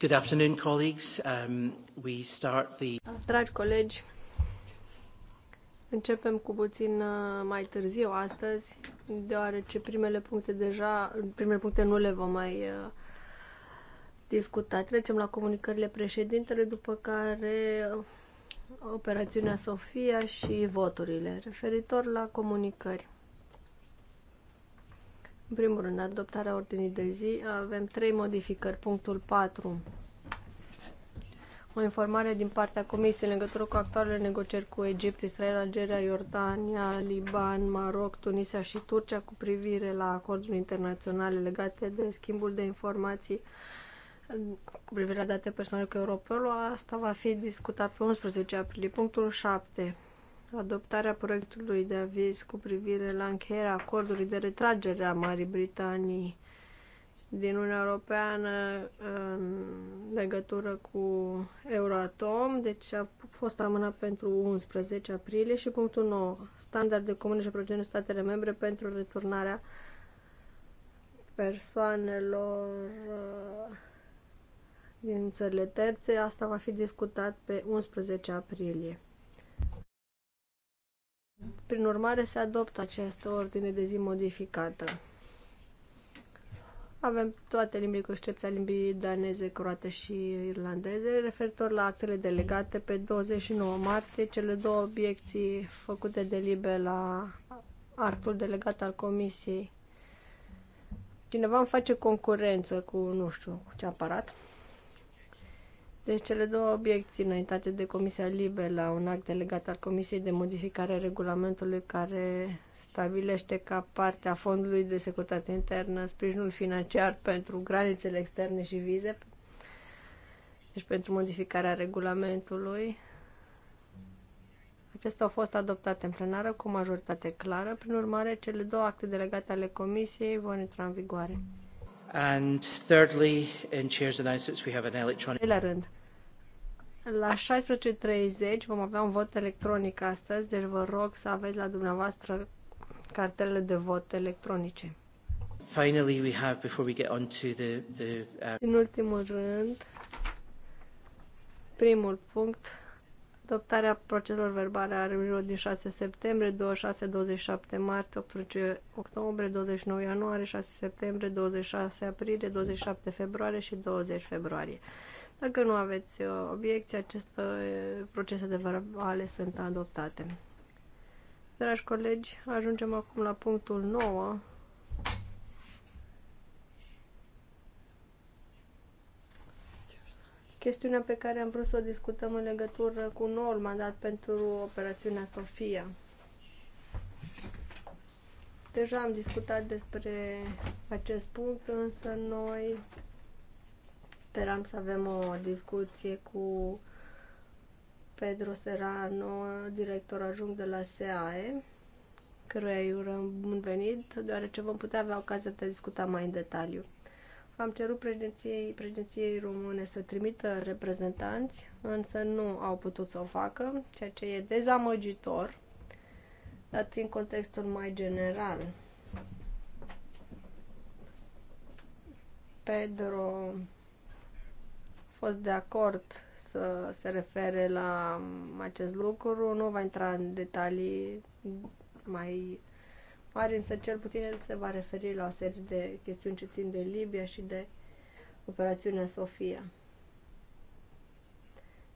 Good afternoon, colleagues. Um, we start the... Dragi colegi, începem cu puțin uh, mai târziu astăzi, deoarece primele puncte deja, primele puncte nu le vom mai uh, discuta. Trecem la comunicările președintele, după care uh, operațiunea Sofia și voturile. Referitor la comunicări. În primul rând, adoptarea ordinii de zi. Avem trei modificări. Punctul 4. O informare din partea Comisiei în legătură cu actualele negocieri cu Egipt, Israel, Algeria, Iordania, Liban, Maroc, Tunisia și Turcia cu privire la acordul internaționale legate de schimbul de informații cu privire la date personale cu Europolul. Asta va fi discutat pe 11 aprilie. Punctul 7 adoptarea proiectului de aviz cu privire la încheierea acordului de retragere a Marii Britanii din Uniunea Europeană în legătură cu Euratom, deci a fost amânat pentru 11 aprilie și punctul 9, standarde comune și procedură în statele membre pentru returnarea persoanelor uh, din țările terțe. Asta va fi discutat pe 11 aprilie. Prin urmare, se adoptă această ordine de zi modificată. Avem toate limbile cu excepția limbii daneze, croate și irlandeze, referitor la actele delegate pe 29 martie, cele două obiecții făcute de liber la actul delegat al comisiei. Cineva îmi face concurență cu, nu știu, cu ce aparat. Deci cele două obiecții înaintate de Comisia Libe la un act delegat al Comisiei de modificare a regulamentului care stabilește ca partea Fondului de Securitate Internă sprijinul financiar pentru granițele externe și vize, deci pentru modificarea regulamentului. Acestea au fost adoptate în plenară cu majoritate clară, prin urmare cele două acte delegate ale Comisiei vor intra în vigoare. And thirdly, in chairs announcements, we have an electronic... rând, la 16.30 vom avea un vot electronic astăzi, deci vă rog să aveți la dumneavoastră cartele de vot electronice. Finally, we have, before we get on to the, the, uh... În ultimul rând, primul punct, adoptarea proceselor verbale are reuniunilor din 6 septembrie, 26-27 martie, 18 octombrie, 29 ianuarie, 6 septembrie, 26 aprilie, 27 februarie și 20 februarie. Dacă nu aveți uh, obiecții, aceste uh, procese de verbale sunt adoptate. Dragi colegi, ajungem acum la punctul 9. Chestiunea pe care am vrut să o discutăm în legătură cu noul mandat pentru operațiunea Sofia. Deja am discutat despre acest punct, însă noi Speram să avem o discuție cu Pedro Serrano, director ajung de la SEAE, căruia îi urăm bun venit, deoarece vom putea avea ocazia de a discuta mai în detaliu. Am cerut președinției, președinției române să trimită reprezentanți, însă nu au putut să o facă, ceea ce e dezamăgitor, dat în contextul mai general. Pedro fost de acord să se refere la acest lucru. Nu va intra în detalii mai mari, însă cel puțin el se va referi la o serie de chestiuni ce țin de Libia și de operațiunea Sofia.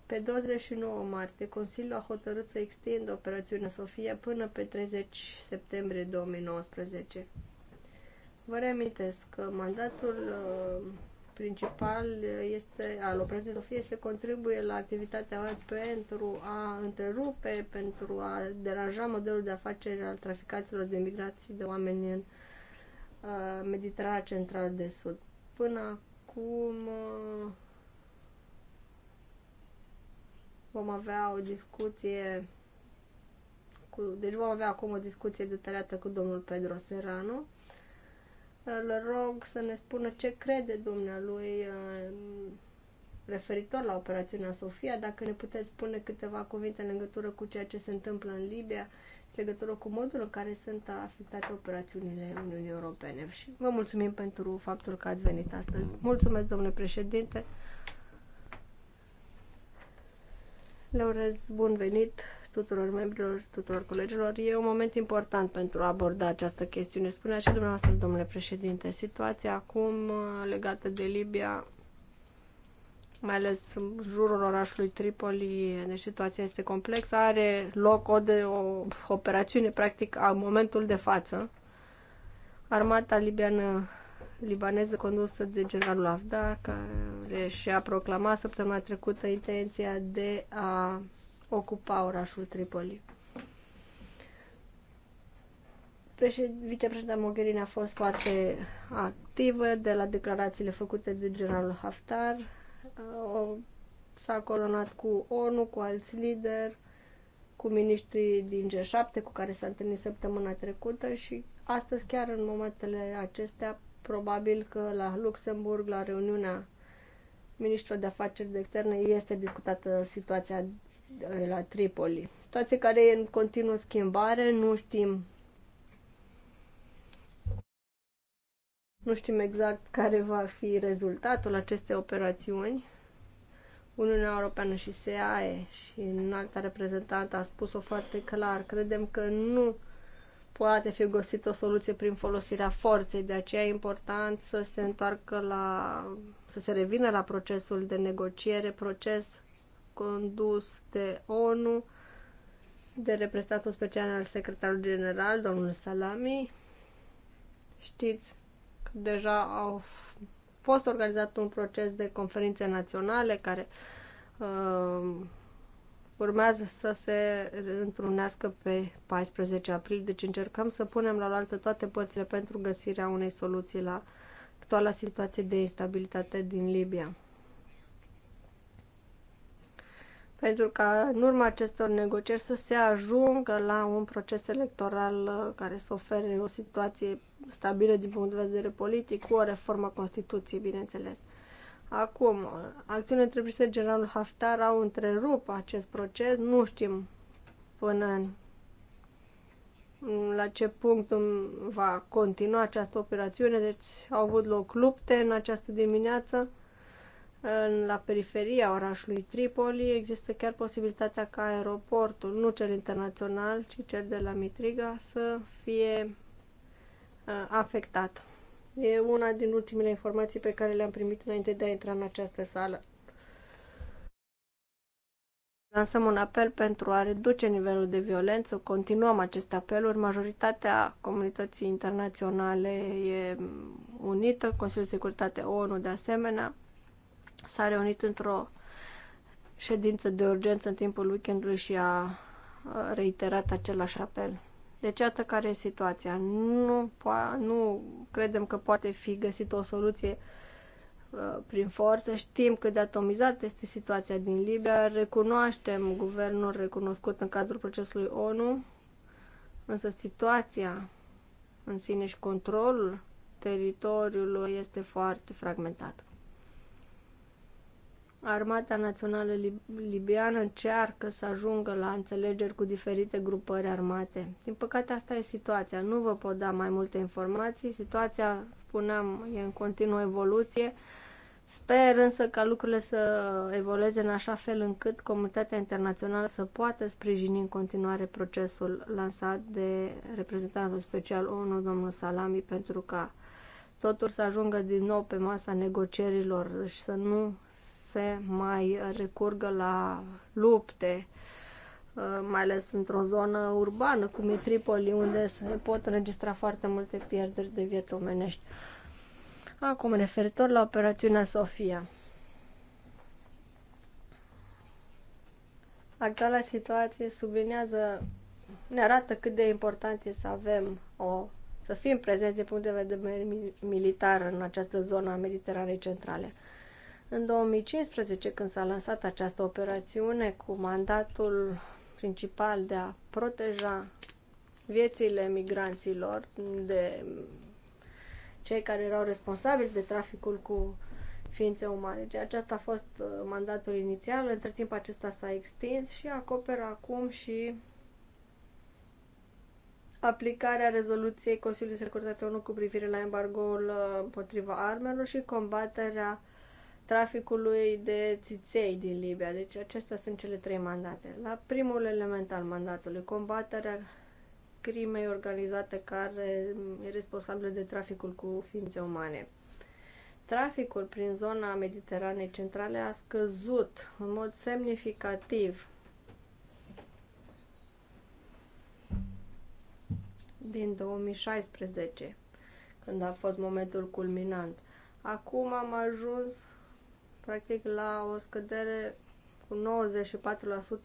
Pe 29 martie, Consiliul a hotărât să extindă operațiunea Sofia până pe 30 septembrie 2019. Vă reamintesc că mandatul uh, principal este, al operației Sofie este contribuie la activitatea OE pentru a întrerupe, pentru a deranja modelul de afaceri al traficaților de migrații de oameni în uh, Mediterana Central de Sud. Până acum uh, vom avea o discuție cu, deci vom avea acum o discuție detaliată cu domnul Pedro Serrano îl rog să ne spună ce crede dumnealui uh, referitor la operațiunea Sofia, dacă ne puteți spune câteva cuvinte în legătură cu ceea ce se întâmplă în Libia, în legătură cu modul în care sunt afectate operațiunile Uniunii Europene. Și vă mulțumim pentru faptul că ați venit astăzi. Mulțumesc, domnule președinte. Le urez bun venit tuturor membrilor, tuturor colegilor. E un moment important pentru a aborda această chestiune. Spunea și dumneavoastră, domnule președinte, situația acum uh, legată de Libia, mai ales în jurul orașului Tripoli, deci situația este complexă, are loc o, de, o operațiune, practic, a momentul de față. Armata libiană libaneză condusă de generalul Afdar, care și-a proclamat săptămâna trecută intenția de a ocupa orașul Tripoli. Vicepreședinta Mogherini a fost foarte activă de la declarațiile făcute de generalul Haftar. S-a colonat cu ONU, cu alți lideri, cu miniștrii din G7 cu care s-a întâlnit săptămâna trecută și astăzi, chiar în momentele acestea, probabil că la Luxemburg, la reuniunea ministrul de afaceri de externe, este discutată situația la Tripoli. Situație care e în continuă schimbare, nu știm Nu știm exact care va fi rezultatul acestei operațiuni. Uniunea Europeană și SEAE și înalta reprezentantă a spus-o foarte clar. Credem că nu poate fi găsită o soluție prin folosirea forței, de aceea e important să se întoarcă la, să se revină la procesul de negociere, proces condus de ONU, de reprezentatul special al secretarului general, domnul Salami. Știți că deja au fost organizat un proces de conferințe naționale care uh, urmează să se întrunească pe 14 aprilie, deci încercăm să punem la oaltă toate părțile pentru găsirea unei soluții la actuala situație de instabilitate din Libia. pentru ca în urma acestor negocieri să se ajungă la un proces electoral uh, care să ofere o situație stabilă din punct de vedere politic, cu o reformă a Constituției, bineînțeles. Acum, uh, acțiunile întreprinse generalul Haftar au întrerupt acest proces, nu știm până în la ce punct va continua această operațiune, deci au avut loc lupte în această dimineață în, la periferia orașului Tripoli există chiar posibilitatea ca aeroportul, nu cel internațional, ci cel de la Mitriga, să fie uh, afectat. E una din ultimele informații pe care le-am primit înainte de a intra în această sală. Lansăm un apel pentru a reduce nivelul de violență, continuăm aceste apeluri. Majoritatea comunității internaționale e unită, Consiliul de Securitate ONU de asemenea s-a reunit într-o ședință de urgență în timpul weekendului și a reiterat același apel. Deci, iată care e situația. Nu, nu credem că poate fi găsită o soluție prin forță. Știm cât de atomizată este situația din Libia. Recunoaștem guvernul recunoscut în cadrul procesului ONU, însă situația în sine și controlul teritoriului este foarte fragmentat. Armata Națională Libiană încearcă să ajungă la înțelegeri cu diferite grupări armate. Din păcate, asta e situația. Nu vă pot da mai multe informații. Situația, spuneam, e în continuă evoluție. Sper însă ca lucrurile să evolueze în așa fel încât comunitatea internațională să poată sprijini în continuare procesul lansat de reprezentantul special ONU, domnul Salami, pentru ca totul să ajungă din nou pe masa negocierilor și să nu se mai recurgă la lupte, uh, mai ales într-o zonă urbană, cum e Tripoli, unde se pot înregistra foarte multe pierderi de vieți omenești. Acum, referitor la operațiunea Sofia. Actuala situație sublinează, ne arată cât de important e să avem o să fim prezenți din punct de vedere militar în această zonă a Mediteranei Centrale. În 2015, când s-a lansat această operațiune cu mandatul principal de a proteja viețile migranților de cei care erau responsabili de traficul cu ființe umane. Deci aceasta a fost uh, mandatul inițial, între timp acesta s-a extins și acoperă acum și aplicarea rezoluției Consiliului Securitate ONU cu privire la embargoul uh, împotriva armelor și combaterea traficului de țiței din Libia. Deci acestea sunt cele trei mandate. La primul element al mandatului, combaterea crimei organizate care e responsabilă de traficul cu ființe umane. Traficul prin zona Mediteranei centrale a scăzut în mod semnificativ din 2016, când a fost momentul culminant. Acum am ajuns practic la o scădere cu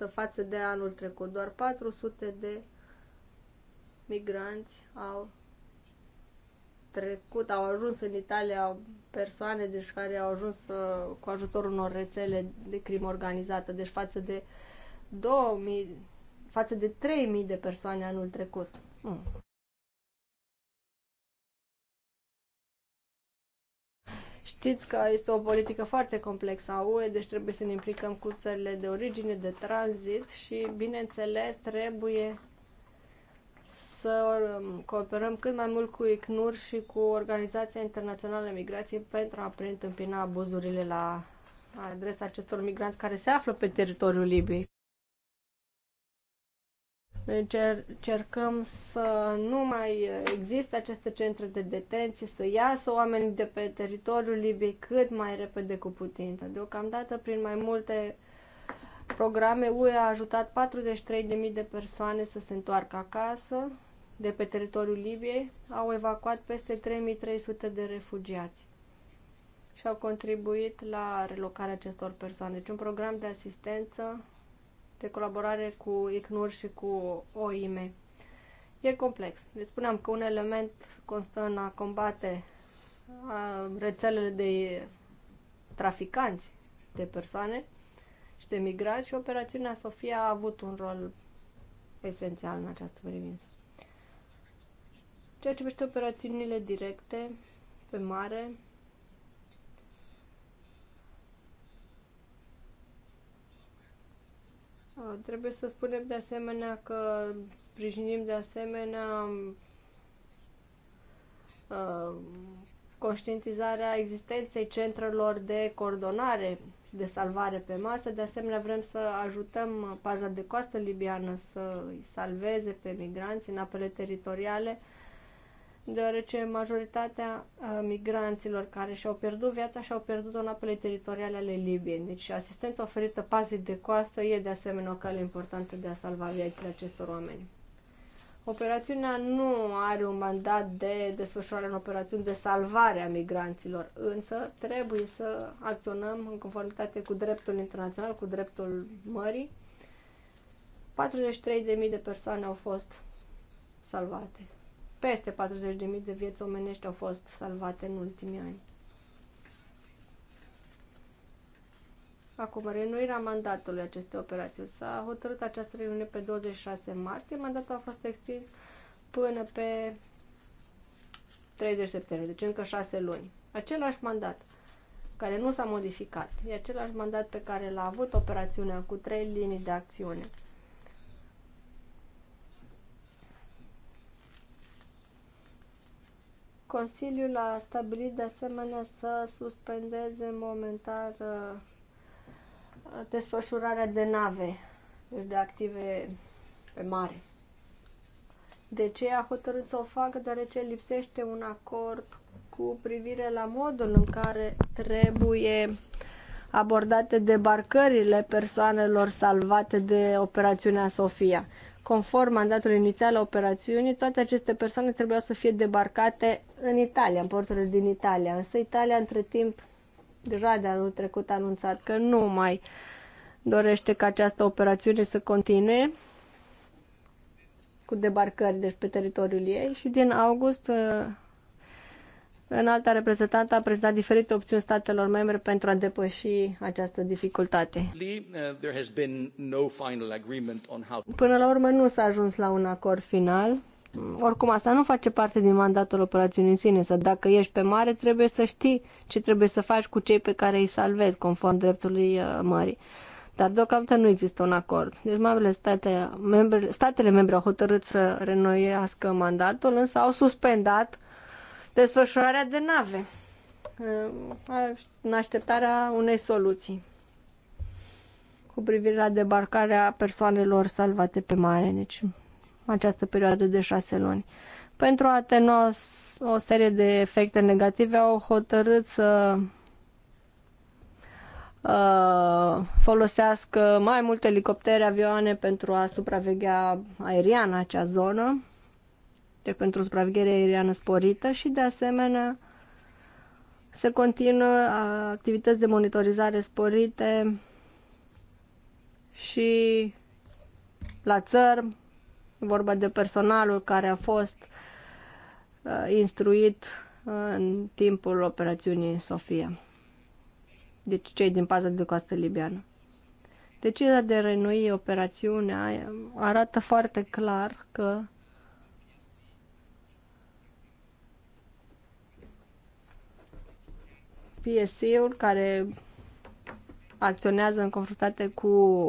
94% față de anul trecut. Doar 400 de migranți au trecut, au ajuns în Italia persoane deci care au ajuns uh, cu ajutorul unor rețele de crimă organizată, deci față de 2000, față de 3000 de persoane anul trecut. Mm. Știți că este o politică foarte complexă a UE, deci trebuie să ne implicăm cu țările de origine, de tranzit și, bineînțeles, trebuie să um, cooperăm cât mai mult cu ICNUR și cu Organizația Internațională a Migrației pentru a preîntâmpina abuzurile la adresa acestor migranți care se află pe teritoriul Libiei. Încercăm să nu mai există aceste centre de detenție, să iasă oamenii de pe teritoriul Libiei cât mai repede cu putință. Deocamdată, prin mai multe programe, UE a ajutat 43.000 de persoane să se întoarcă acasă de pe teritoriul Libiei, au evacuat peste 3.300 de refugiați și au contribuit la relocarea acestor persoane. Deci un program de asistență de colaborare cu ICNUR și cu OIM. E complex. Le spuneam că un element constă în a combate rețelele de traficanți de persoane și de migrați și operațiunea Sofia a avut un rol esențial în această privință. Ceea ce privește operațiunile directe pe mare, Uh, trebuie să spunem de asemenea că sprijinim de asemenea uh, conștientizarea existenței centrelor de coordonare de salvare pe masă. De asemenea, vrem să ajutăm paza de coastă libiană să îi salveze pe migranți în apele teritoriale deoarece majoritatea uh, migranților care și-au pierdut viața și-au pierdut-o în apele teritoriale ale Libiei. Deci asistența oferită pazei de coastă e de asemenea o cale importantă de a salva viețile acestor oameni. Operațiunea nu are un mandat de desfășurare în operațiuni de salvare a migranților, însă trebuie să acționăm în conformitate cu dreptul internațional, cu dreptul mării. 43.000 de persoane au fost salvate. Peste 40.000 de vieți omenești au fost salvate în ultimii ani. Acum, renuirea mandatului acestei operațiuni. S-a hotărât această reuniune pe 26 martie. Mandatul a fost extins până pe 30 septembrie, deci încă 6 luni. Același mandat care nu s-a modificat. E același mandat pe care l-a avut operațiunea cu trei linii de acțiune. Consiliul a stabilit de asemenea să suspendeze momentar uh, desfășurarea de nave, deci de active pe mare. De ce a hotărât să o facă? Deoarece lipsește un acord cu privire la modul în care trebuie abordate debarcările persoanelor salvate de operațiunea Sofia. Conform mandatului inițial al operațiunii, toate aceste persoane trebuiau să fie debarcate în Italia, în porturile din Italia. Însă Italia, între timp, deja de anul trecut a anunțat că nu mai dorește ca această operațiune să continue cu debarcări deci pe teritoriul ei și din august uh, Înalta reprezentantă a prezentat diferite opțiuni statelor membre pentru a depăși această dificultate. Uh, Până la urmă nu s-a ajuns la un acord final. Oricum, asta nu face parte din mandatul operațiunii în sine, să dacă ești pe mare, trebuie să știi ce trebuie să faci cu cei pe care îi salvezi, conform dreptului uh, mării. Dar deocamdată nu există un acord. Deci mamele state, membre, statele membre au hotărât să renoiască mandatul, însă au suspendat desfășurarea de nave în așteptarea unei soluții cu privire la debarcarea persoanelor salvate pe mare, deci această perioadă de șase luni. Pentru a atenua o serie de efecte negative, au hotărât să uh, folosească mai multe elicoptere, avioane pentru a supraveghea aerian acea zonă proiecte pentru supraveghere aeriană sporită și, de asemenea, se continuă activități de monitorizare sporite și la țăr, vorba de personalul care a fost uh, instruit uh, în timpul operațiunii Sofia. Deci cei din paza de coastă libiană. Decizia de renui operațiunea arată foarte clar că PSC-ul care acționează în confruntate cu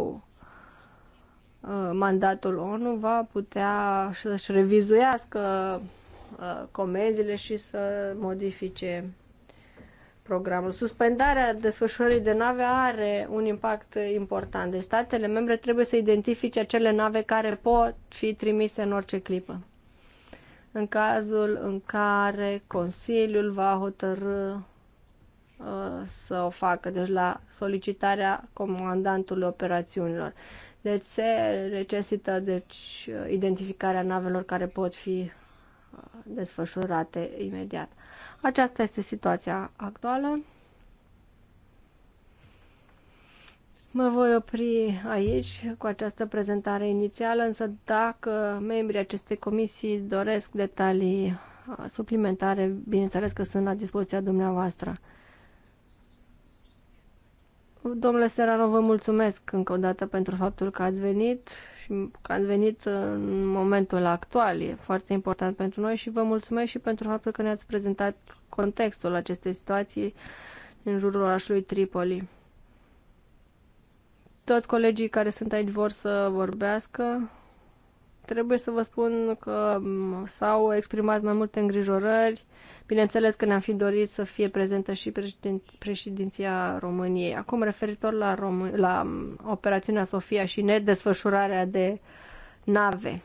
uh, mandatul ONU va putea să-și revizuiască uh, comenzile și să modifice programul. Suspendarea desfășurării de nave are un impact important. Deci statele membre trebuie să identifice acele nave care pot fi trimise în orice clipă. În cazul în care Consiliul va hotărâ Uh, să o facă, deci la solicitarea comandantului operațiunilor. Deci se necesită deci, uh, identificarea navelor care pot fi uh, desfășurate imediat. Aceasta este situația actuală. Mă voi opri aici cu această prezentare inițială, însă dacă membrii acestei comisii doresc detalii suplimentare, bineînțeles că sunt la dispoziția dumneavoastră. Domnule Serano, vă mulțumesc încă o dată pentru faptul că ați venit și că ați venit în momentul actual. E foarte important pentru noi și vă mulțumesc și pentru faptul că ne-ați prezentat contextul acestei situații în jurul orașului Tripoli. Toți colegii care sunt aici vor să vorbească. Trebuie să vă spun că s-au exprimat mai multe îngrijorări. Bineînțeles că ne-am fi dorit să fie prezentă și președinția României. Acum, referitor la, Rom- la operațiunea Sofia și nedesfășurarea de nave.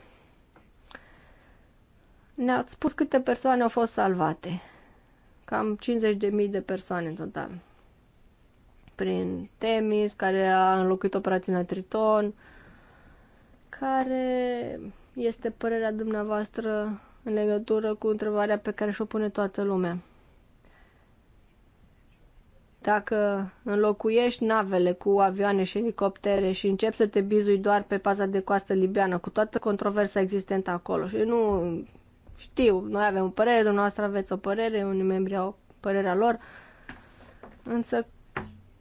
ne au spus câte persoane au fost salvate. Cam 50.000 de persoane în total. Prin Temis, care a înlocuit operațiunea Triton, uh, care este părerea dumneavoastră în legătură cu întrebarea pe care și-o pune toată lumea? Dacă înlocuiești navele cu avioane și elicoptere și începi să te bizui doar pe paza de coastă libiană, cu toată controversa existentă acolo, și nu știu, noi avem o părere, dumneavoastră aveți o părere, unii membri au părerea lor, însă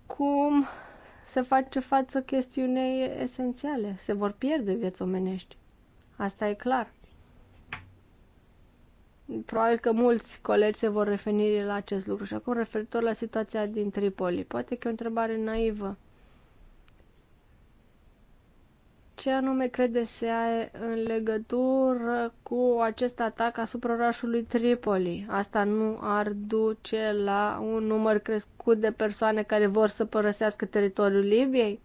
cum se face față chestiunei esențiale. Se vor pierde vieți omenești. Asta e clar. Probabil că mulți colegi se vor referi la acest lucru. Și acum referitor la situația din Tripoli. Poate că e o întrebare naivă. Ce anume crede are în legătură cu acest atac asupra orașului Tripoli? Asta nu ar duce la un număr crescut de persoane care vor să părăsească teritoriul Libiei?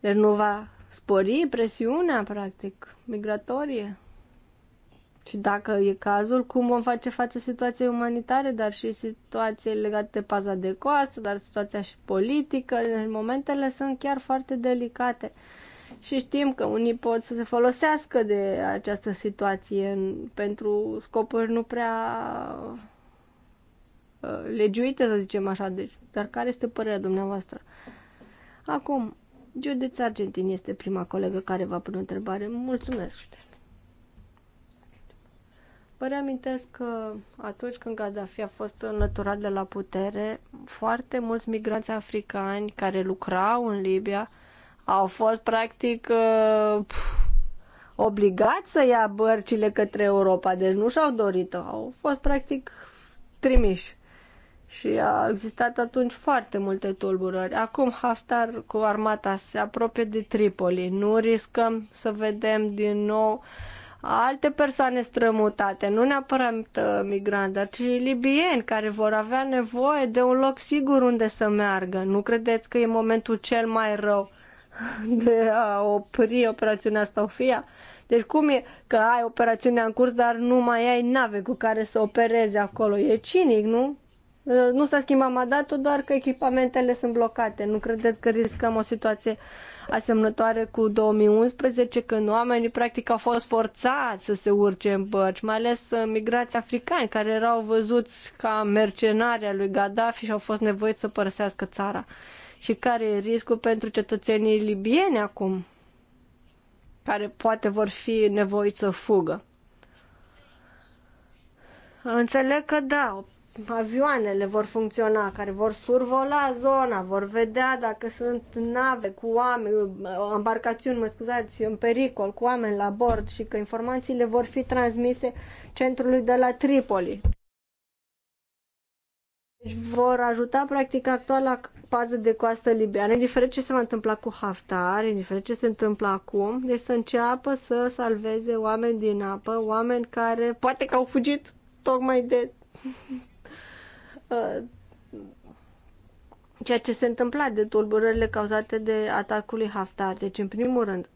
Deci nu va spori presiunea, practic, migratorie? Și dacă e cazul, cum vom face față situației umanitare, dar și situației legate de paza de coastă, dar situația și politică. Momentele sunt chiar foarte delicate. Și știm că unii pot să se folosească de această situație pentru scopuri nu prea uh, legiuite, să zicem așa. Deci, dar care este părerea dumneavoastră? Acum, Judith Argentin este prima colegă care va pune o întrebare. Mulțumesc, Judith. Vă reamintesc că atunci când Gaddafi a fost înlăturat de la putere, foarte mulți migranți africani care lucrau în Libia au fost practic uh, obligați să ia bărcile către Europa, deci nu și-au dorit-o, au fost practic trimiși. Și a existat atunci foarte multe tulburări. Acum Haftar cu armata se apropie de Tripoli. Nu riscăm să vedem din nou uh, alte persoane strămutate, nu neapărat uh, migranți, dar și libieni care vor avea nevoie de un loc sigur unde să meargă. Nu credeți că e momentul cel mai rău de a opri operațiunea Stofia? Deci cum e că ai operațiunea în curs, dar nu mai ai nave cu care să operezi acolo? E cinic, nu? Uh, nu s-a schimbat mandatul, doar că echipamentele sunt blocate. Nu credeți că riscăm o situație uh, asemănătoare cu 2011, când oamenii practic au fost forțați să se urce în bărci, mai ales uh, migrații africani care erau văzuți ca mercenarii lui Gaddafi și au fost nevoiți să părăsească țara. Și care e riscul pentru cetățenii libieni acum, care poate vor fi nevoiți să fugă? Înțeleg că da, avioanele vor funcționa, care vor survola zona, vor vedea dacă sunt nave cu oameni, embarcațiuni, mă scuzați, în pericol, cu oameni la bord și că informațiile vor fi transmise centrului de la Tripoli. Deci vor ajuta practic actuala pază de coastă libiană, indiferent ce se va întâmpla cu Haftar, indiferent ce se întâmplă acum, deci să înceapă să salveze oameni din apă, oameni care poate că au fugit tocmai de Uh, ceea ce se întâmpla de tulburările cauzate de atacul lui Haftar. Deci, în primul rând,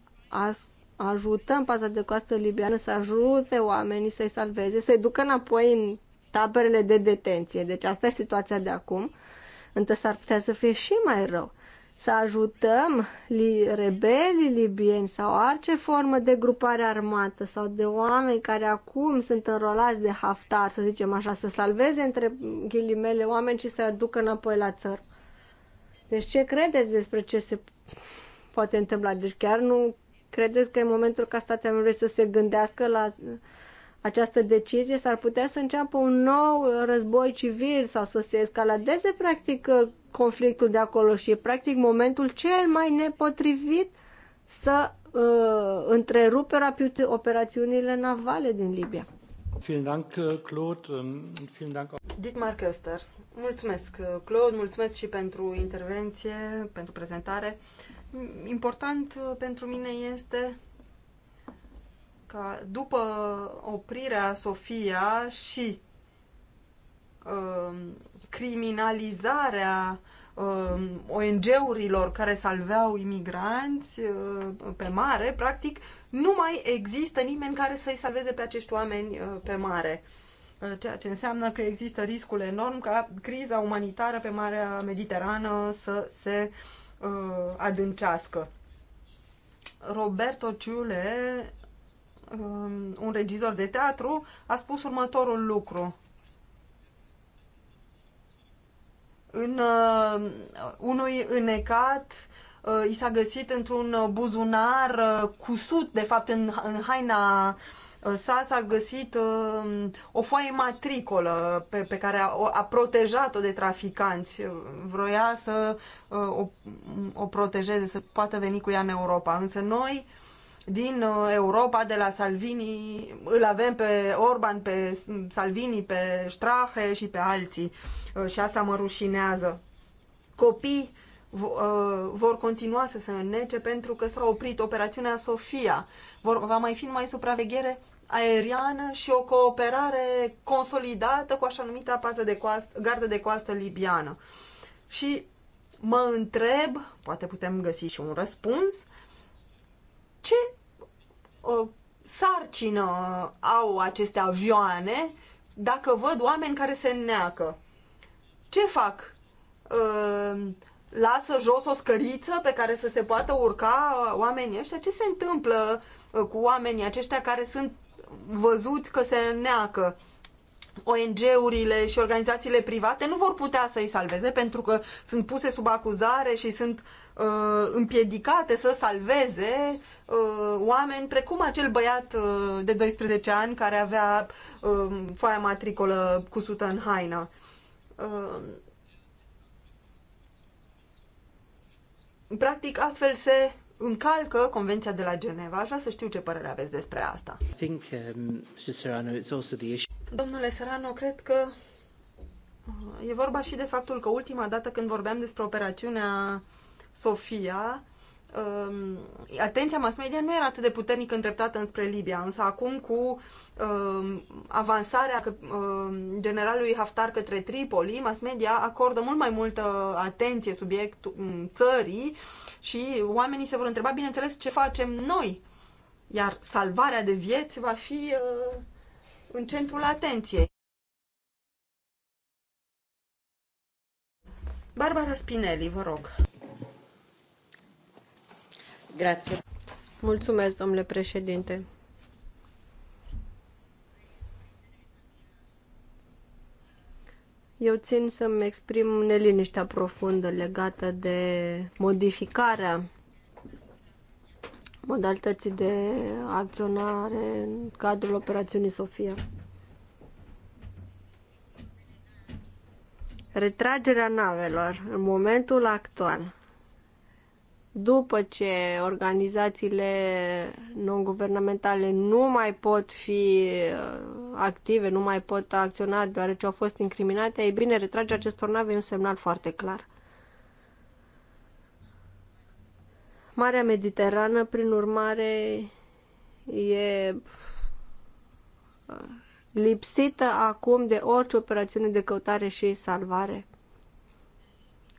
ajutăm paza de coastă libiană să ajute oamenii să-i salveze, să-i ducă înapoi în taberele de detenție. Deci asta e situația de acum. Întă s-ar putea să fie și mai rău să ajutăm li- rebelii libieni sau orice formă de grupare armată sau de oameni care acum sunt înrolați de Haftar, să zicem așa, să salveze între ghilimele oameni și să-i aducă înapoi la țară. Deci ce credeți despre ce se poate întâmpla? Deci chiar nu credeți că e momentul ca statele membre să se gândească la această decizie, s-ar putea să înceapă un nou război civil sau să se escaladeze practic conflictul de acolo și e practic momentul cel mai nepotrivit să uh, întrerupe rapid operațiunile navale din Libia. Vielen uh, Claude. Um, vielen Dietmar Köster. Mulțumesc, uh, Claude, mulțumesc și pentru intervenție, pentru prezentare. Important uh, pentru mine este ca după oprirea Sofia și uh, criminalizarea uh, um, ONG-urilor care salveau imigranți uh, pe mare, practic nu mai există nimeni care să-i salveze pe acești oameni uh, pe mare. Uh, ceea ce înseamnă că există riscul enorm ca criza umanitară pe Marea Mediterană să se uh, adâncească. Roberto Ciule Um, un regizor de teatru a spus următorul lucru. În uh, unui înecat uh, i s-a găsit într-un buzunar uh, cusut, de fapt în, în haina uh, sa s-a găsit uh, o foaie matricolă pe, pe care a, a protejat-o de traficanți. Vroia să uh, o, o protejeze, să poată veni cu ea în Europa. Însă noi uh, din uh, Europa, de la Salvini, îl avem pe Orban, pe Salvini, pe Strache și pe alții. Uh, și asta mă rușinează. Copii uh, vor continua să se înnece pentru că s-a oprit operațiunea Sofia. Vor, va mai fi mai supraveghere aeriană și o cooperare consolidată cu așa numita pază de coastă, gardă de coastă libiană. Și mă întreb, poate putem găsi și un răspuns, uh, ce uh, sarcină au aceste avioane dacă văd oameni care se neacă? Ce fac? Uh, lasă jos o scăriță pe care să se poată urca oamenii ăștia? Ce se întâmplă ă, cu oamenii aceștia care sunt văzuți că se neacă? ONG-urile și organizațiile private nu vor putea să-i salveze pentru că sunt puse sub acuzare și sunt uh, împiedicate să salveze Uh, oameni precum acel băiat uh, de 12 ani care avea um, foaia matricolă cusută în haină. Uh, practic, astfel se încalcă Convenția de la Geneva. Aș vrea să știu ce părere aveți despre asta. Think, um, Serrano, it's also the issue. Domnule Serrano, cred că e vorba și de faptul că ultima dată când vorbeam despre operațiunea Sofia, uh, atenția mass media nu era atât de puternic îndreptată înspre Libia, însă acum cu uh, avansarea uh, generalului Haftar către Tripoli, mass media acordă mult mai multă atenție subiectul țării și oamenii se vor întreba, bineînțeles, ce facem noi. Iar salvarea de vieți va fi uh, în centrul atenției. Barbara Spinelli, vă rog. Grazie. Mulțumesc, domnule președinte. Eu țin să-mi exprim neliniștea profundă legată de modificarea modalității de acționare în cadrul operațiunii Sofia. Retragerea navelor în momentul actual după ce organizațiile non-guvernamentale nu mai pot fi uh, active, nu mai pot acționa deoarece au fost incriminate, ei bine, retrage acestor nave un semnal foarte clar. Marea Mediterană, prin urmare, e uh, lipsită acum de orice operațiune de căutare și salvare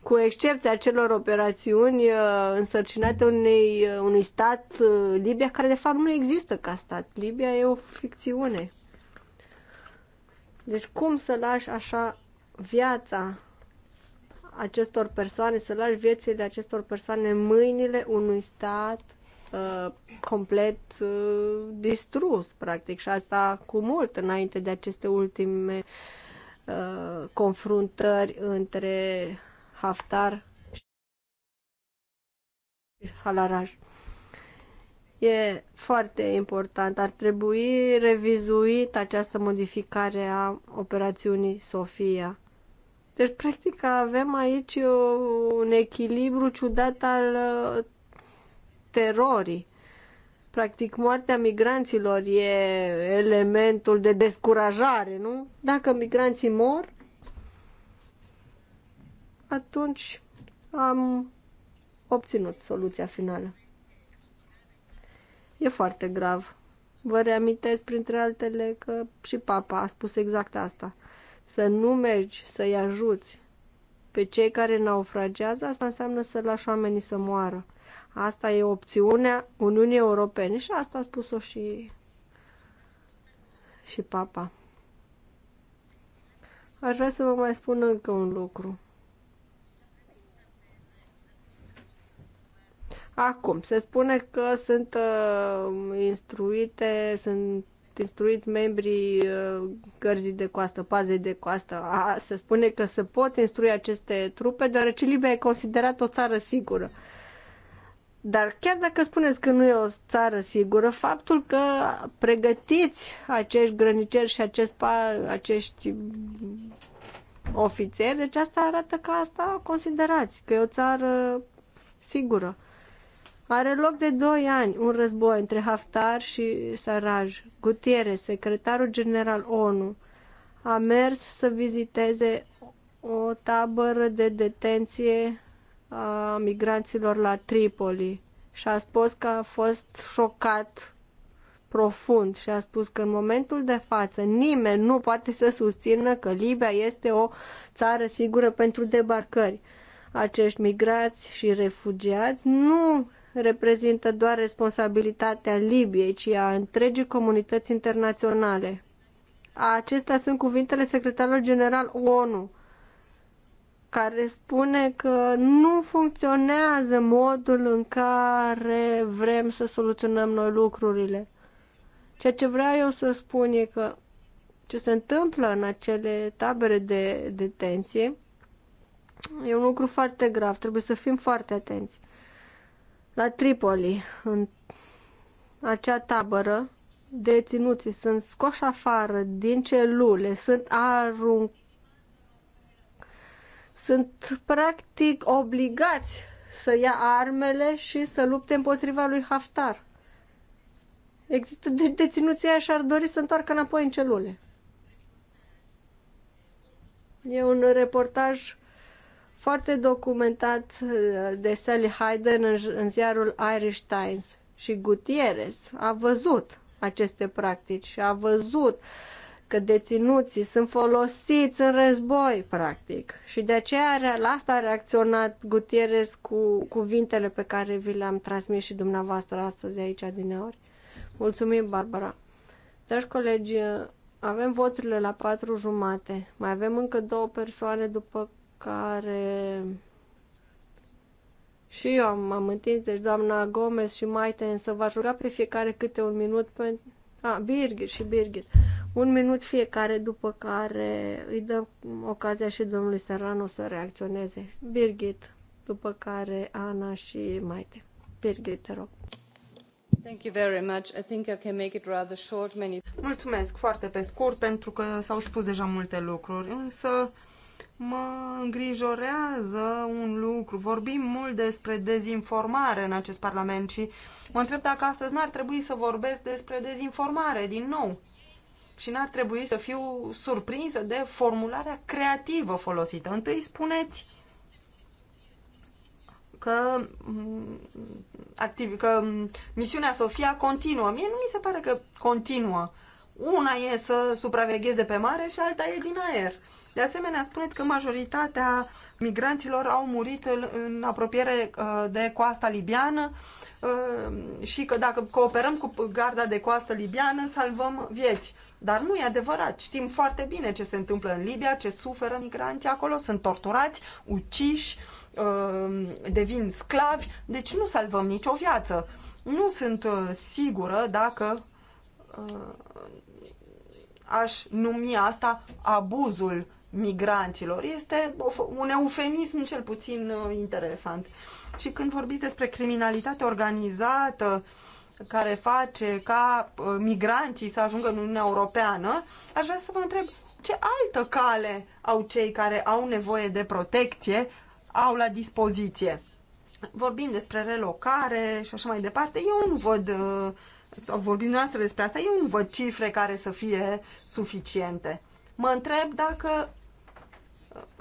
cu excepția celor operațiuni uh, însărcinate unei, uh, unui stat, uh, Libia, care de fapt nu există ca stat. Libia e o ficțiune. Deci cum să lași așa viața acestor persoane, să lași viețile acestor persoane în mâinile unui stat uh, complet uh, distrus, practic, și asta cu mult înainte de aceste ultime uh, confruntări între Haftar și Halaraj. E foarte important. Ar trebui revizuit această modificare a operațiunii Sofia. Deci, practic, avem aici un echilibru ciudat al uh, terorii. Practic, moartea migranților e elementul de descurajare, nu? Dacă migranții mor, atunci am obținut soluția finală. E foarte grav. Vă reamintesc, printre altele, că și papa a spus exact asta. Să nu mergi, să-i ajuți pe cei care naufragează, asta înseamnă să lași oamenii să moară. Asta e opțiunea Uniunii Europene și asta a spus-o și, și papa. Aș vrea să vă mai spun încă un lucru. Acum, se spune că sunt uh, instruite, sunt instruiți membrii uh, gărzii de coastă, pazei de coastă. A, se spune că se pot instrui aceste trupe, deoarece Libia e considerată o țară sigură. Dar chiar dacă spuneți că nu e o țară sigură, faptul că pregătiți acești grăniceri și acest pa, acești ofițeri, deci asta arată că asta considerați, că e o țară sigură. Are loc de doi ani un război între Haftar și Sarraj. Gutiere, secretarul general ONU, a mers să viziteze o tabără de detenție a migranților la Tripoli și a spus că a fost șocat profund și a spus că în momentul de față nimeni nu poate să susțină că Libia este o țară sigură pentru debarcări. Acești migrați și refugiați nu reprezintă doar responsabilitatea Libiei, ci a întregii comunități internaționale. Acestea sunt cuvintele secretarului general ONU, care spune că nu funcționează modul în care vrem să soluționăm noi lucrurile. Ceea ce vreau eu să spun e că ce se întâmplă în acele tabere de detenție e un lucru foarte grav, trebuie să fim foarte atenți. La Tripoli, în acea tabără, deținuții sunt scoși afară din celule, sunt arunc... sunt practic obligați să ia armele și să lupte împotriva lui Haftar. Există de deținuții aia și-ar dori să întoarcă înapoi în celule. E un reportaj foarte documentat uh, de Sally Hayden în, în ziarul Irish Times. Și Gutierrez a văzut aceste practici și a văzut că deținuții sunt folosiți în război, practic. Și de aceea la asta a reacționat Gutierrez cu cuvintele pe care vi le-am transmis și dumneavoastră astăzi aici din ori. Mulțumim, Barbara. Dragi colegi, uh, avem voturile la patru jumate. Mai avem încă două persoane după care și eu am, am întins, deci doamna Gomez și Maite, însă v-aș ruga pe fiecare câte un minut pe... A, Birgit și Birgit. Un minut fiecare, după care îi dăm ocazia și domnului Serrano să reacționeze. Birgit, după care Ana și Maite. Birgit, te rog. Thank you very much. I think I can make it rather short. Many... Mulțumesc foarte pe scurt pentru că s-au spus deja multe lucruri, însă Mă îngrijorează un lucru. Vorbim mult despre dezinformare în acest Parlament și mă întreb dacă astăzi n-ar trebui să vorbesc despre dezinformare din nou. Și n-ar trebui să fiu surprinsă de formularea creativă folosită. Întâi spuneți că, mm, activ, că misiunea Sofia continuă. Mie nu mi se pare că continuă. Una e să supravegheze pe mare și alta e din aer. De asemenea, spuneți că majoritatea migranților au murit în apropiere uh, de coasta libiană uh, și că dacă cooperăm cu garda de coastă libiană, salvăm vieți. Dar nu e adevărat. Știm foarte bine ce se întâmplă în Libia, ce suferă migranții acolo, sunt torturați, uciși, uh, devin sclavi, deci nu salvăm nicio viață. Nu sunt sigură dacă aș numi asta abuzul migranților. Este un eufemism cel puțin uh, interesant. Și când vorbiți despre criminalitate organizată care face ca uh, migranții să ajungă în Uniunea Europeană, aș vrea să vă întreb ce altă cale au cei care au nevoie de protecție, au la dispoziție. Vorbim despre relocare și așa mai departe. Eu nu văd uh, sau vorbim noastră despre asta, eu nu văd cifre care să fie suficiente. Mă întreb dacă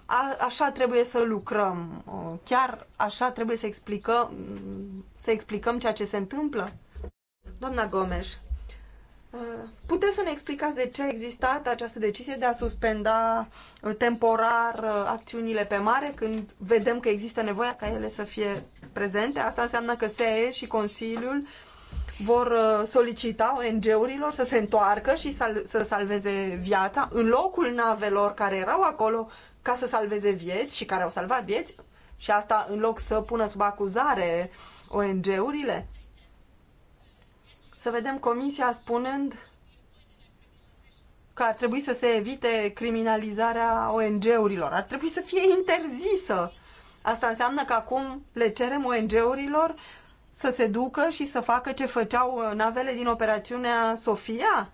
a, așa trebuie să lucrăm, chiar așa trebuie să explicăm, să explicăm ceea ce se întâmplă. Doamna Gomes, puteți să ne explicați de ce a existat această decizie de a suspenda temporar acțiunile pe mare când vedem că există nevoia ca ele să fie prezente? Asta înseamnă că SE și Consiliul vor uh, solicita ONG-urilor să se întoarcă și sal- să salveze viața în locul navelor care erau acolo ca să salveze vieți și care au salvat vieți și asta în loc să pună sub acuzare ONG-urile? Să vedem comisia spunând că ar trebui să se evite criminalizarea ONG-urilor. Ar trebui să fie interzisă. Asta înseamnă că acum le cerem ONG-urilor să se ducă și să facă ce făceau uh, navele din operațiunea Sofia?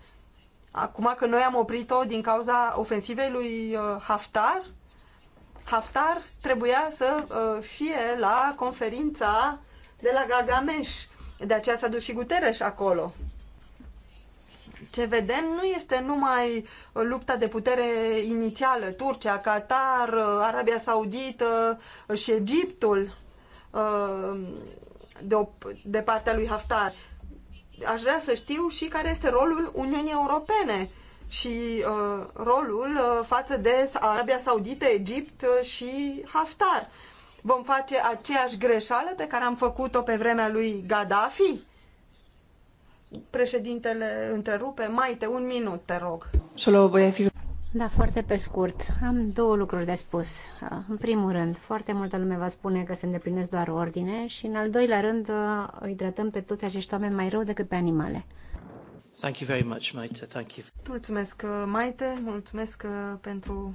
Acum că noi am oprit-o din cauza ofensivei lui uh, Haftar? Haftar trebuia să uh, fie la conferința de la Gagamesh. De aceea s-a dus și Guterres acolo. Ce vedem nu este numai lupta de putere inițială, Turcia, Qatar, Arabia Saudită și Egiptul de, o, de partea lui Haftar. Aș vrea să știu și care este rolul Uniunii Europene și uh, rolul uh, față de Arabia Saudită, Egipt uh, și Haftar. Vom face aceeași greșeală pe care am făcut-o pe vremea lui Gaddafi? Președintele întrerupe. Maite, un minut, te rog. Și-l voi decir... Da, foarte pe scurt. Am două lucruri de spus. În primul rând, foarte multă lume va spune că se îndeplinesc doar ordine și în al doilea rând îi tratăm pe toți acești oameni mai rău decât pe animale. Thank you very much, Maite. Thank you. Mulțumesc, Maite. Mulțumesc uh, pentru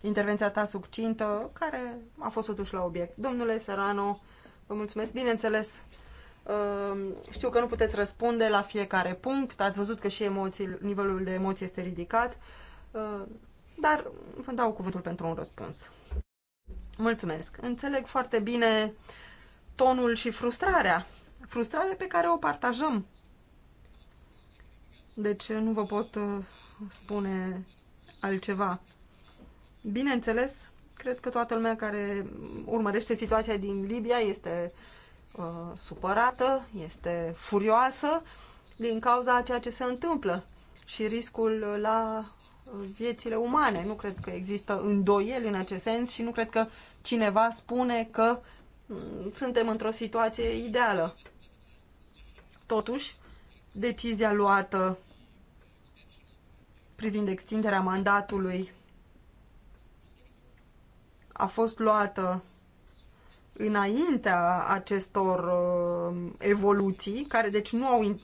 intervenția ta succintă, care a fost totuși la obiect. Domnule Serano, vă mulțumesc. Bineînțeles, uh, știu că nu puteți răspunde la fiecare punct. Ați văzut că și emoții, nivelul de emoții este ridicat Uh, dar vă dau cuvântul pentru un răspuns. Mulțumesc. Înțeleg foarte bine tonul și frustrarea. Frustrarea pe care o partajăm. Deci nu vă pot uh, spune altceva. Bineînțeles, cred că toată lumea care urmărește situația din Libia este uh, supărată, este furioasă din cauza a ceea ce se întâmplă și riscul la viețile umane. Nu cred că există îndoieli în acest sens și nu cred că cineva spune că mm, suntem într-o situație ideală. Totuși, decizia luată privind extinderea mandatului a fost luată înaintea acestor uh, evoluții, care deci nu au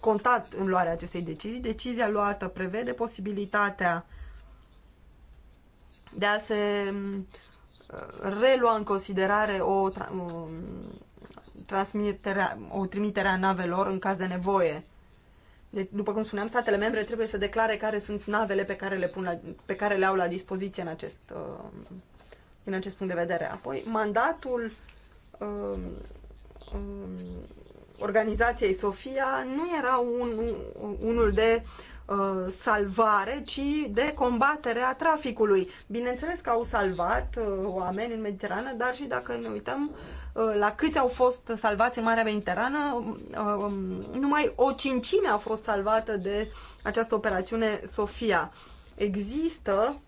contat în luarea acestei decizii. Decizia luată prevede posibilitatea de a se uh, relua în considerare o, tra o, um, transmiterea, o trimitere a navelor în caz de nevoie. De, deci, după cum spuneam, statele membre trebuie să declare care sunt navele pe care le, pun la, pe care le au la dispoziție în acest, uh, în acest punct de vedere. Apoi, mandatul um, um, organizației Sofia nu era un, unul de uh, salvare, ci de combatere a traficului. Bineînțeles că au salvat uh, oameni în Mediterană, dar și dacă ne uităm uh, la câți au fost salvați în Marea Mediterană, um, numai o cincime a fost salvată de această operațiune Sofia. Există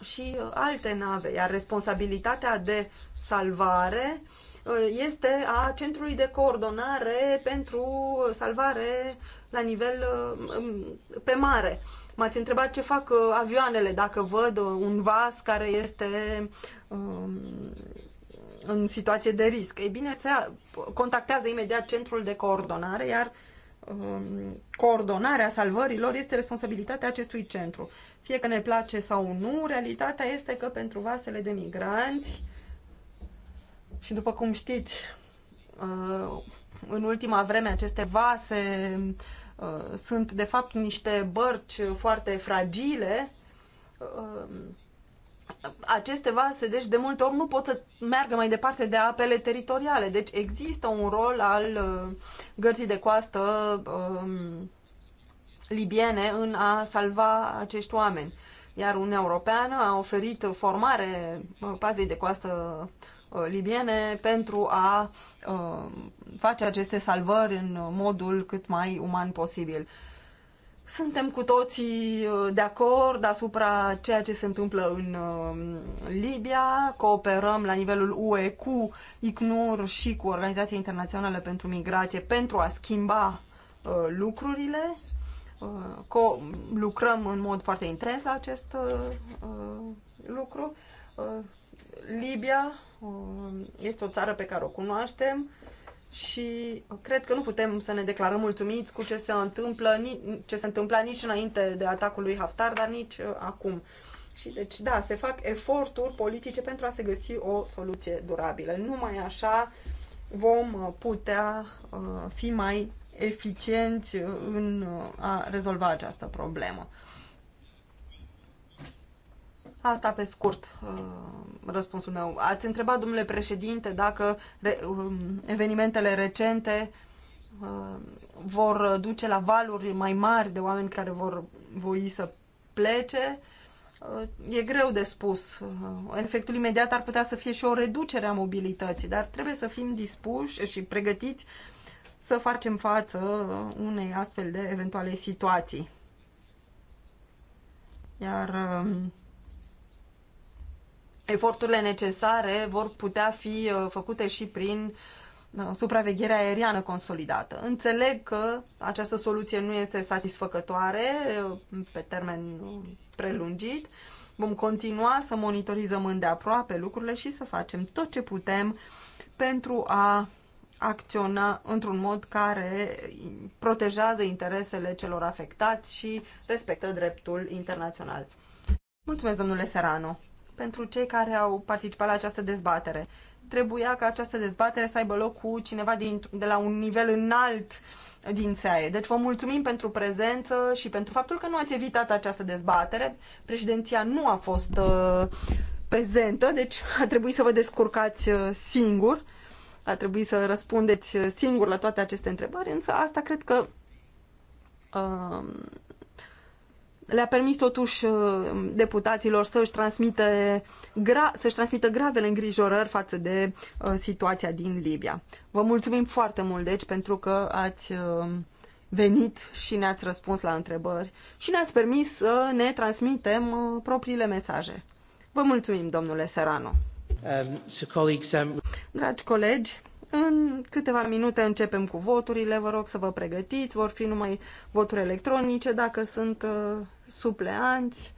și alte nave, iar responsabilitatea de salvare uh, Uh, este a Centrului de Coordonare pentru Salvare la nivel uh, pe mare. M-ați întrebat ce fac uh, avioanele dacă văd un vas care este um, în situație de risc. Ei bine, se contactează imediat centrul de coordonare, iar um, coordonarea salvărilor este responsabilitatea acestui centru. Fie că ne place sau nu, realitatea este că pentru vasele de migranți și după cum știți, uh, în ultima vreme aceste vase uh, sunt de fapt niște bărci foarte fragile. Uh, aceste vase, deci, de multe ori nu pot să meargă mai departe de apele teritoriale. Deci există un rol al gărzii de coastă um, libiene în a salva acești oameni. Iar Uniunea Europeană a oferit formare pazei de coastă Uh, libiene pentru a uh, face aceste salvări în modul cât mai uman posibil. Suntem cu toții uh, de acord asupra ceea ce se întâmplă în Libia, cooperăm la nivelul UE cu ICNUR și cu Organizația Internațională pentru Migrație pentru a schimba lucrurile. Co- lucrăm în mod foarte intens la acest lucru. Libia Um, este o țară pe care o cunoaștem și cred că nu putem să ne declarăm mulțumiți cu ce se întâmplă, ce se întâmpla nici înainte de atacul lui Haftar, dar nici uh, acum. Și deci, da, se fac eforturi politice pentru a se găsi o soluție durabilă. Numai așa vom uh, putea uh, fi mai eficienți în a rezolva această problemă. Asta pe scurt uh, răspunsul meu. Ați întrebat, domnule președinte, dacă um, evenimentele recente uh, vor duce la valuri mai mari de oameni care vor voi să plece. Uh, e greu de spus. Efectul imediat ar putea să fie și o reducere a mobilității, dar trebuie să fim dispuși și pregătiți să facem față unei astfel de eventuale situații. Iar um, eforturile necesare vor putea fi uh, făcute și prin uh, supraveghere aeriană consolidată. Înțeleg că această soluție nu este satisfăcătoare uh, pe termen prelungit. Vom continua să monitorizăm îndeaproape lucrurile și să facem tot ce putem pentru a acționa într-un mod care protejează interesele celor afectați și respectă dreptul internațional. Mulțumesc, domnule Serano! pentru cei care au participat la această dezbatere. Trebuia ca această dezbatere să aibă loc cu cineva din, de la un nivel înalt din SAE. Deci vă mulțumim pentru prezență și pentru faptul că nu ați evitat această dezbatere. Președinția nu a fost uh, prezentă, deci a trebuit să vă descurcați uh, singur. A trebuit să răspundeți uh, singur la toate aceste întrebări, însă asta cred că uh, le-a permis totuși uh, deputaților să-și transmită, gra- să transmită gravele îngrijorări față de uh, situația din Libia. Vă mulțumim foarte mult, deci, pentru că ați uh, venit și ne-ați răspuns la întrebări și ne-ați permis să ne transmitem uh, propriile mesaje. Vă mulțumim, domnule Serano. Um, so colleagues, um... Dragi colegi, în câteva minute începem cu voturile, vă rog să vă pregătiți, vor fi numai voturi electronice dacă sunt uh, supleanți.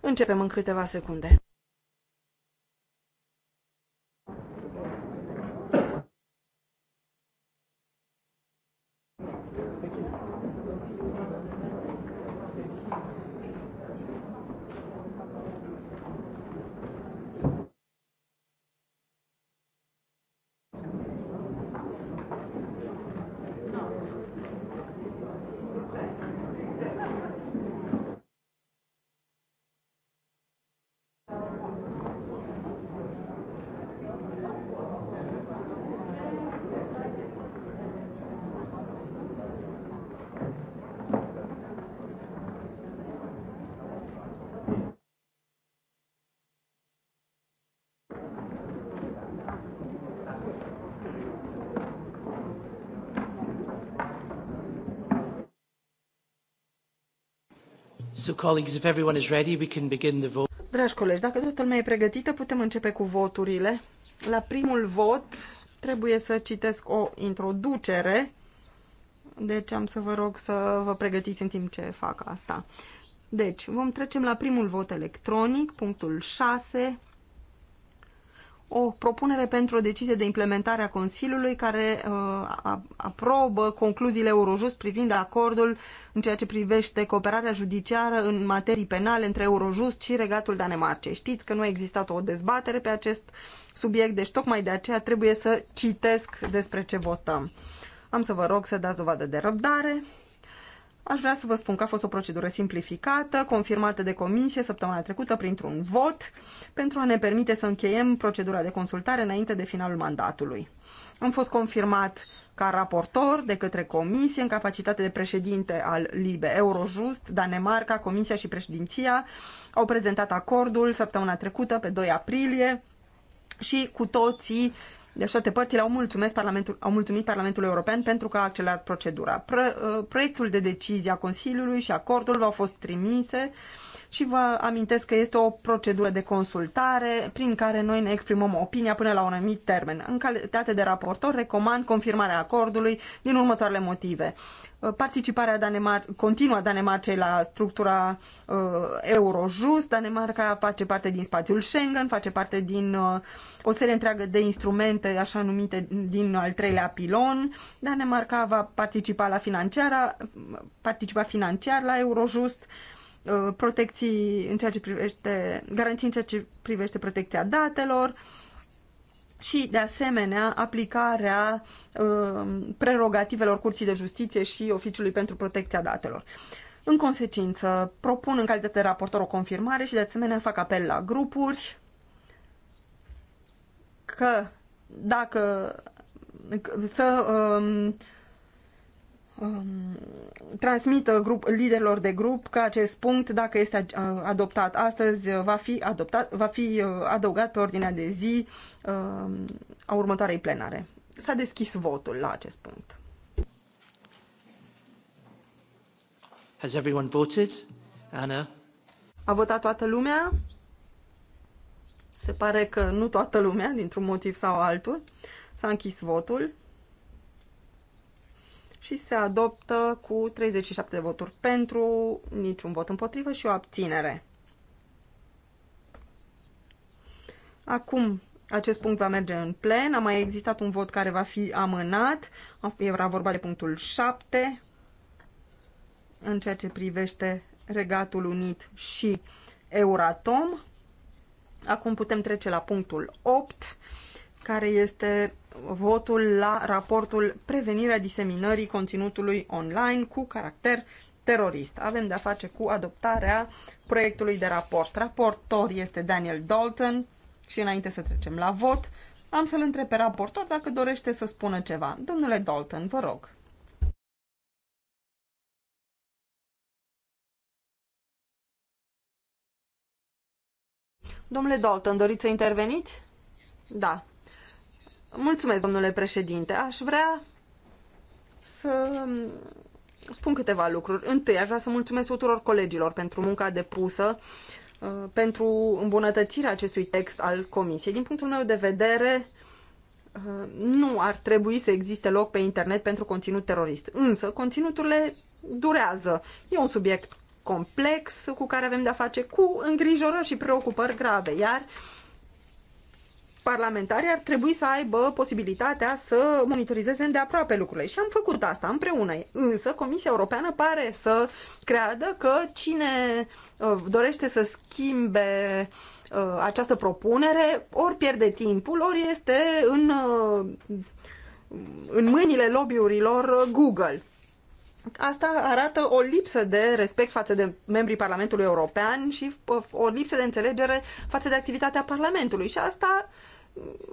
Începem în câteva secunde. So colleagues, if everyone is ready, we can begin the vote. Dragi colegi, dacă toată lumea e pregătită, putem începe cu voturile. La primul vot trebuie să citesc o introducere, deci am să vă rog să vă pregătiți în timp ce fac asta. Deci, vom trecem la primul vot electronic, punctul 6, o propunere pentru o decizie de implementare a Consiliului care uh, aprobă concluziile Eurojust privind acordul în ceea ce privește cooperarea judiciară în materii penale între Eurojust și Regatul Danemarcei. Știți că nu a existat o dezbatere pe acest subiect, deci tocmai de aceea trebuie să citesc despre ce votăm. Am să vă rog să dați dovadă de răbdare Aș vrea să vă spun că a fost o procedură simplificată, confirmată de comisie săptămâna trecută printr-un vot, pentru a ne permite să încheiem procedura de consultare înainte de finalul mandatului. Am fost confirmat ca raportor de către comisie în capacitate de președinte al LIBE. Eurojust, Danemarca, Comisia și președinția au prezentat acordul săptămâna trecută, pe 2 aprilie, și cu toții de așa de părțile au, mulțumesc Parlamentul, au mulțumit Parlamentului European pentru că a accelerat procedura. Pro, uh, proiectul de decizie a Consiliului și acordul au fost trimise uh, și vă amintesc că este o procedură de consultare prin care noi ne exprimăm opinia până la un anumit termen. În calitate de raportor, recomand confirmarea acordului din următoarele motive. Uh, participarea Danemar- continuă a Danemarcei la structura uh, Eurojust, Danemarca face parte din spațiul Schengen, face parte din uh, o serie întreagă de instrumente așa numite din al treilea pilon. Danemarca va participa la financiară, uh, participa financiar la Eurojust. Uh, Uh, protecții în ceea ce privește, garanții în ceea ce privește protecția datelor și, de asemenea, aplicarea uh, prerogativelor Curții de Justiție și Oficiului pentru Protecția Datelor. În consecință, propun în calitate de raportor o confirmare și, de asemenea, fac apel la grupuri că dacă să uh, um, transmită grup, liderilor de grup că acest punct, dacă este uh, adoptat astăzi, uh, va fi, adoptat, va fi uh, adăugat pe ordinea de zi um, a următoarei plenare. S-a deschis votul la acest punct. Has everyone voted? Anna? A votat toată lumea? Se pare că nu toată lumea, dintr-un motiv sau altul. S-a închis votul și se adoptă cu 37 de voturi pentru, niciun vot împotrivă și o abținere. Acum, acest punct va merge în plen. A mai existat un vot care va fi amânat. Era vorba de punctul 7 în ceea ce privește Regatul Unit și Euratom. Acum putem trece la punctul 8, care este votul la raportul Prevenirea diseminării conținutului online cu caracter terorist. Avem de-a face cu adoptarea proiectului de raport. Raportor este Daniel Dalton și înainte să trecem la vot, am să-l întreb pe raportor dacă dorește să spună ceva. Domnule Dalton, vă rog. Domnule Dalton, doriți să interveniți? Da. Mulțumesc, domnule președinte. Aș vrea să spun câteva lucruri. Întâi, aș vrea să mulțumesc tuturor colegilor pentru munca depusă, uh, pentru îmbunătățirea acestui text al Comisiei. Din punctul meu de vedere, uh, nu ar trebui să existe loc pe internet pentru conținut terorist. Însă, conținuturile durează. E un subiect complex cu care avem de-a face cu îngrijorări și preocupări grave, iar uh, parlamentarii ar trebui să aibă posibilitatea să monitorizeze îndeaproape lucrurile. Și am făcut asta împreună. Însă Comisia Europeană pare să creadă că cine uh, dorește să schimbe uh, această propunere, ori pierde timpul, ori este în, uh, în mâinile lobbyurilor Google. Asta arată o lipsă de respect față de membrii Parlamentului European și o lipsă de înțelegere față de activitatea Parlamentului. Și asta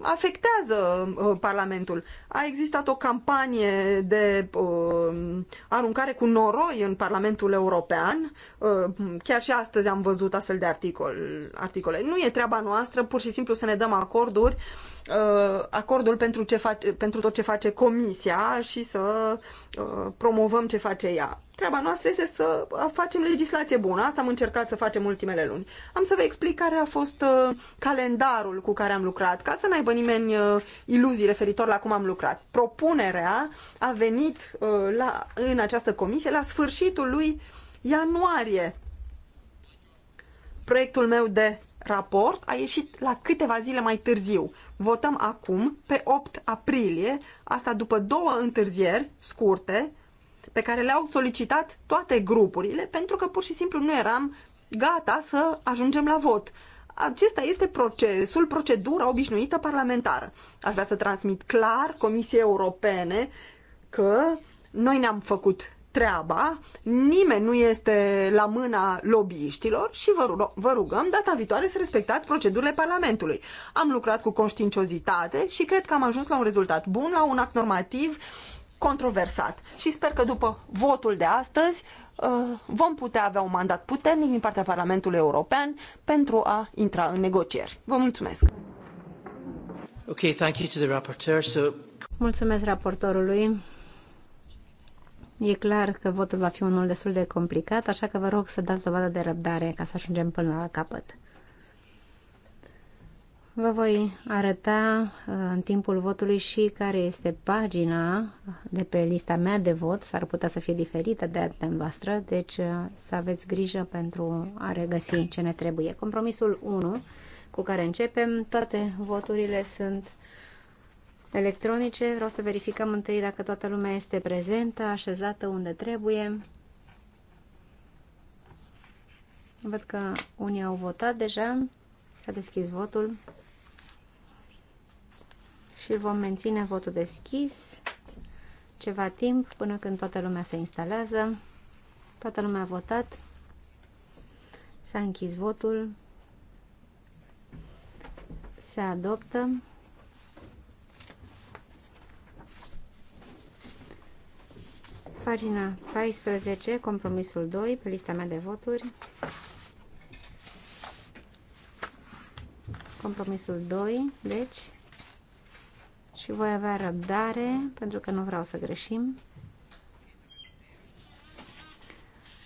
afectează uh, Parlamentul. A existat o campanie de uh, aruncare cu noroi în Parlamentul European. Uh, chiar și astăzi am văzut astfel de articol, articole. Nu e treaba noastră pur și simplu să ne dăm acorduri uh, Uh, acordul pentru, ce face, pentru tot ce face comisia și să uh, promovăm ce face ea. Treaba noastră este să uh, facem legislație bună. Asta am încercat să facem ultimele luni. Am să vă explic care a fost calendarul cu care am lucrat, ca să n-aibă nimeni iluzii referitor la cum am lucrat. Propunerea a venit la, în această comisie la sfârșitul lui ianuarie. Proiectul meu de raport a ieșit la câteva zile mai târziu. Votăm acum, pe 8 aprilie, asta după două întârzieri scurte, pe care le-au solicitat toate grupurile, pentru că pur și simplu nu eram gata să ajungem la vot. Acesta este procesul, procedura obișnuită parlamentară. Aș vrea să transmit clar Comisiei Europene că noi ne-am făcut treaba, nimeni nu este la mâna lobbyiștilor și vă, vă rugăm data viitoare să respectați procedurile Parlamentului. Am lucrat cu conștiinciozitate și cred că am ajuns la un rezultat bun, la un act normativ controversat. Și sper că după votul de astăzi uh, vom putea avea un mandat puternic din partea Parlamentului European pentru a intra în negocieri. Vă mulțumesc! Okay, thank you to the rapporteur. So... Mulțumesc raportorului. E clar că votul va fi unul destul de complicat, așa că vă rog să dați dovadă de răbdare ca să ajungem până la capăt. Vă voi arăta uh, în timpul votului și care este pagina de pe lista mea de vot. S-ar putea să fie diferită de a voastră, deci uh, să aveți grijă pentru a regăsi ce ne trebuie. Compromisul 1 cu care începem, toate voturile sunt electronice. Vreau să verificăm întâi dacă toată lumea este prezentă, așezată unde trebuie. Văd că unii au votat deja. S-a deschis votul. Și vom menține votul deschis ceva timp până când toată lumea se instalează. Toată lumea a votat. S-a închis votul. Se adoptă. Pagina 14, compromisul 2, pe lista mea de voturi. Compromisul 2, deci. Și voi avea răbdare, pentru că nu vreau să greșim.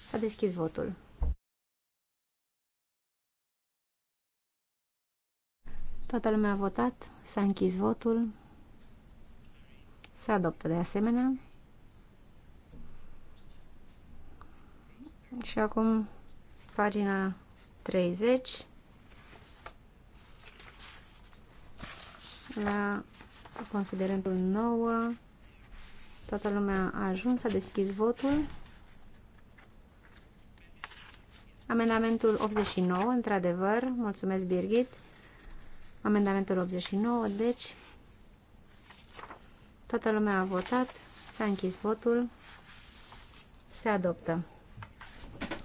S-a deschis votul. Toată lumea a votat, s-a închis votul, se adoptă de asemenea. Și acum pagina 30 la considerentul 9 toată lumea a ajuns, a deschis votul amendamentul 89 într-adevăr, mulțumesc Birgit amendamentul 89 deci toată lumea a votat s-a închis votul se adoptă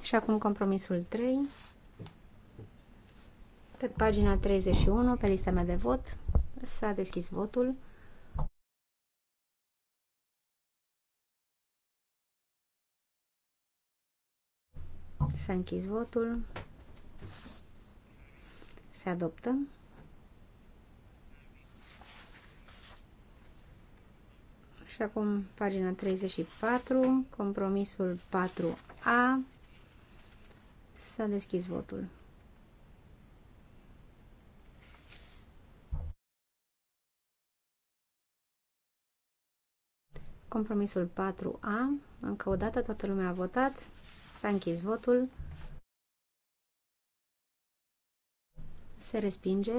și acum compromisul 3. Pe pagina 31, pe lista mea de vot, s-a deschis votul. S-a închis votul. Se adoptă. Și acum pagina 34, compromisul 4A S-a deschis votul. Compromisul 4A. Încă o dată toată lumea a votat. S-a închis votul. Se respinge.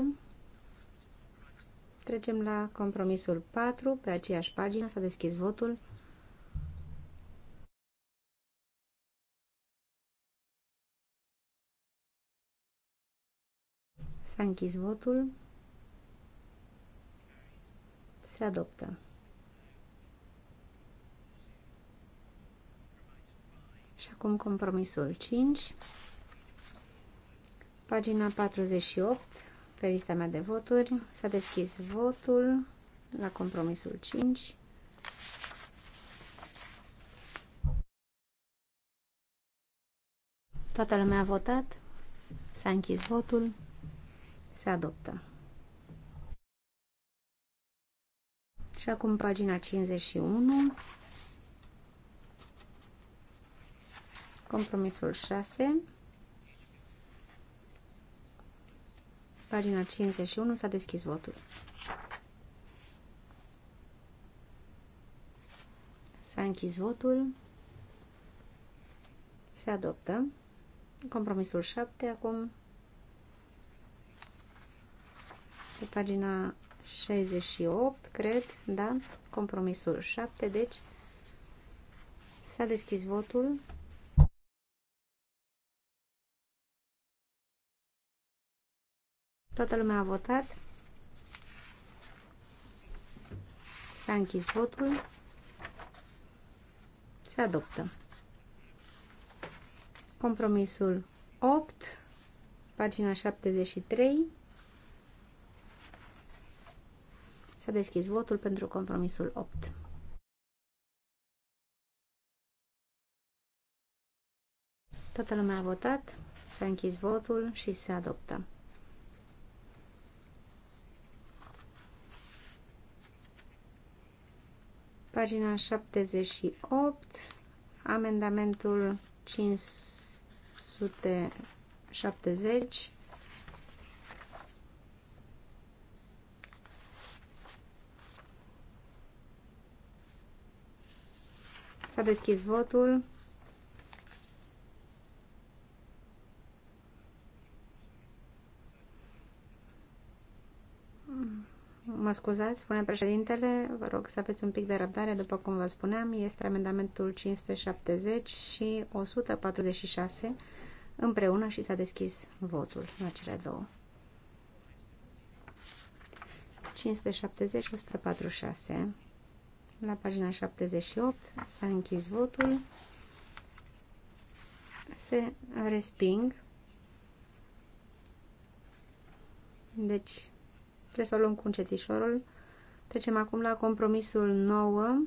Trecem la compromisul 4. Pe aceeași pagină s-a deschis votul. S-a închis votul. Se adoptă. Și acum compromisul 5. Pagina 48, pe lista mea de voturi, s-a deschis votul la compromisul 5. Toată lumea a votat, s-a închis votul. Se adoptă. Și acum pagina 51. Compromisul 6. Pagina 51 s-a deschis votul. S-a închis votul. Se adoptă. Compromisul 7 acum. pe pagina 68, cred, da? Compromisul 7, deci s-a deschis votul. Toată lumea a votat. S-a închis votul. Se adoptă. Compromisul 8, pagina 73. S-a deschis votul pentru compromisul 8. Toată lumea a votat, s-a închis votul și se adoptă. Pagina 78, amendamentul 570 S-a deschis votul. Mă scuzați, spune președintele, vă rog să aveți un pic de răbdare, după cum vă spuneam, este amendamentul 570 și 146 împreună și s-a deschis votul la cele două. 570-146 la pagina 78 s-a închis votul. Se resping. Deci trebuie să o luăm cu încetișorul. Trecem acum la compromisul 9.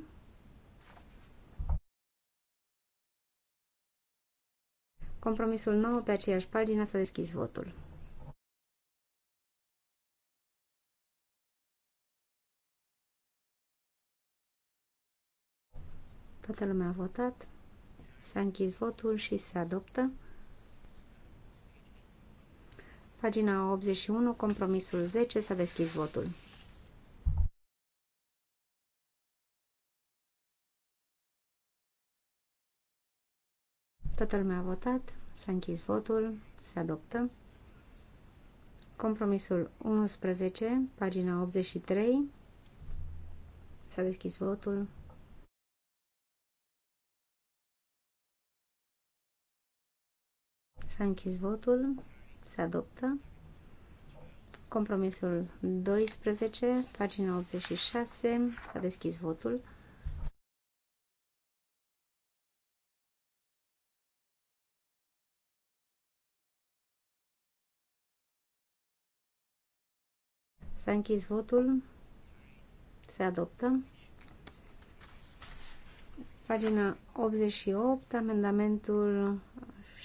Compromisul 9 pe aceeași pagină s-a deschis votul. Toată lumea a votat. S-a închis votul și se adoptă. Pagina 81, compromisul 10, s-a deschis votul. Toată lumea a votat, s-a închis votul, se adoptă. Compromisul 11, pagina 83, s-a deschis votul. S-a închis votul. Se adoptă. Compromisul 12, pagina 86. S-a deschis votul. S-a închis votul. Se adoptă. Pagina 88, amendamentul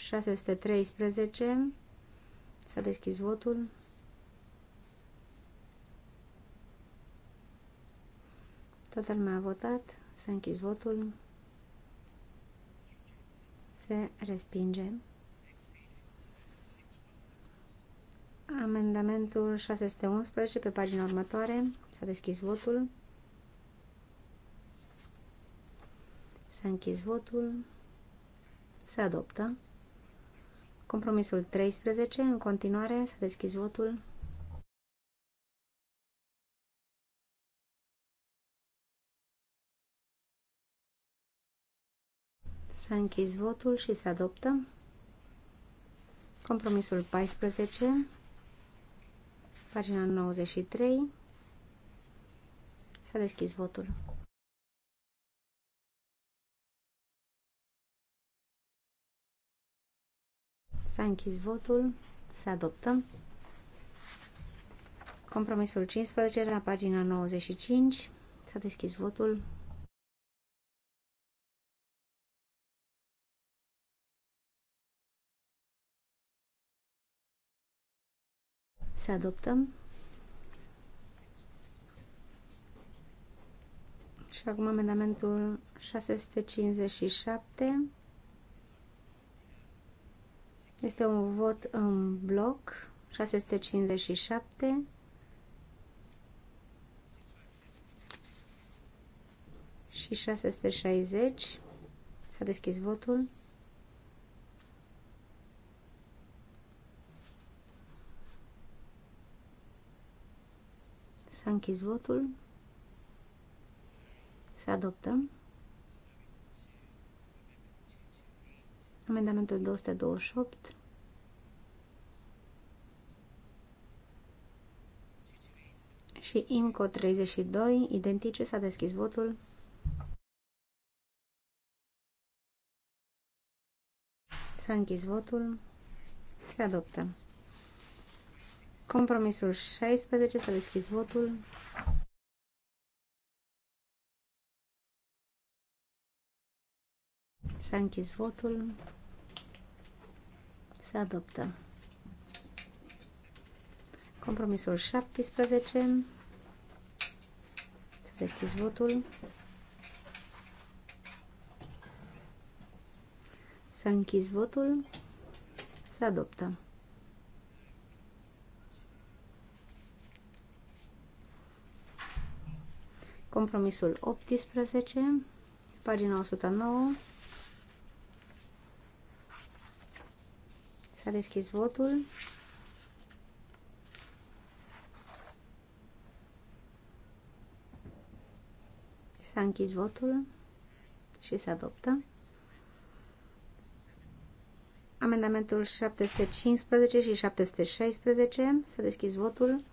613. S-a deschis votul. Toată lumea a votat. S-a închis votul. Se respinge. Amendamentul 611 pe pagina următoare. S-a deschis votul. S-a închis votul. Se adoptă. Compromisul 13, în continuare, să deschizi votul. S-a închis votul și se adoptă. Compromisul 14, pagina 93, s-a deschis votul. S-a închis votul. Se adoptă. Compromisul 15 la pagina 95. S-a deschis votul. Se adoptă. Și acum amendamentul 657 este un vot în bloc 657 și 660. S-a deschis votul. S-a închis votul. Se adoptăm. Amendamentul 228. Și IMCO 32, identice, s-a deschis votul. S-a închis votul. Se adoptă. Compromisul 16, s-a deschis votul. S-a închis votul se adoptă. Compromisul 17. Să deschizi votul. Să închizi votul. Se adoptă. Compromisul 18, pagina 109. S-a deschis votul. S-a închis votul și se adoptă. Amendamentul 715 și 716. S-a deschis votul.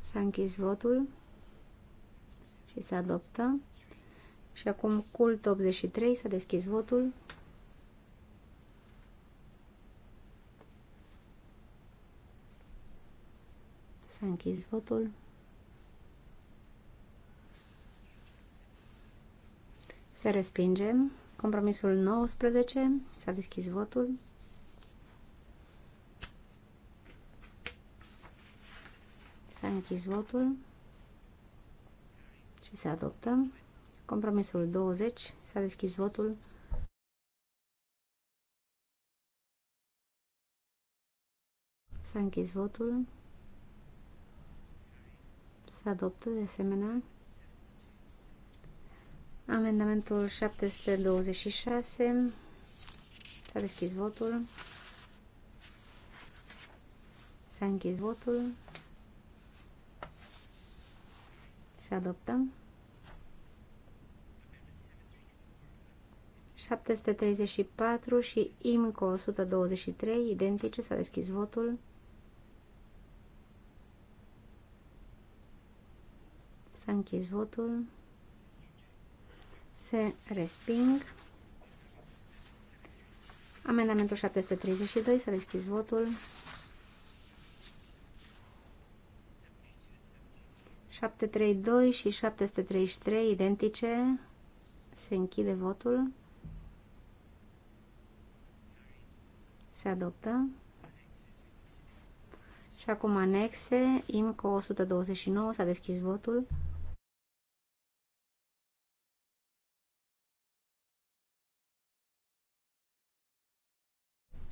S-a închis votul și se adoptă. Și acum cult 83, să deschis votul. S-a închis votul. Se respinge. Compromisul 19. S-a deschis votul. S-a închis votul și se adoptă. Compromisul 20, s-a deschis votul. S-a închis votul. Se adoptă de asemenea. Amendamentul 726. S-a deschis votul. S-a închis votul. Se adoptă. 734 și IMCO 123, identice, s-a deschis votul. S-a închis votul. Se resping. Amendamentul 732, s-a deschis votul. 732 și 733, identice, se închide votul Se adoptă. Și acum anexe, IMCO 129, s-a deschis votul.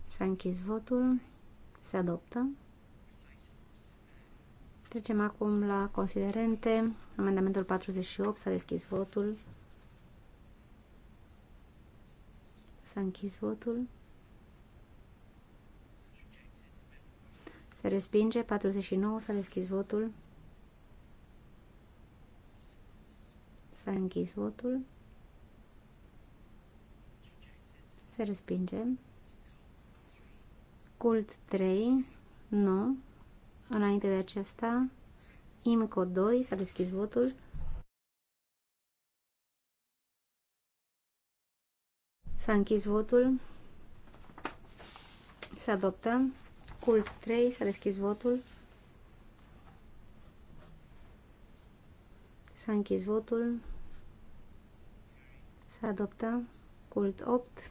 S-a închis votul, se adoptă. Trecem acum la considerente. Amendamentul 48, s-a deschis votul. S-a închis votul. Se respinge. 49. S-a deschis votul. S-a închis votul. Se respinge. Cult 3. Nu. Înainte de acesta, IMCO 2. S-a deschis votul. S-a închis votul. Se adoptă. Cult 3, s-a deschis votul. S-a închis votul. S-a adoptat. Cult 8,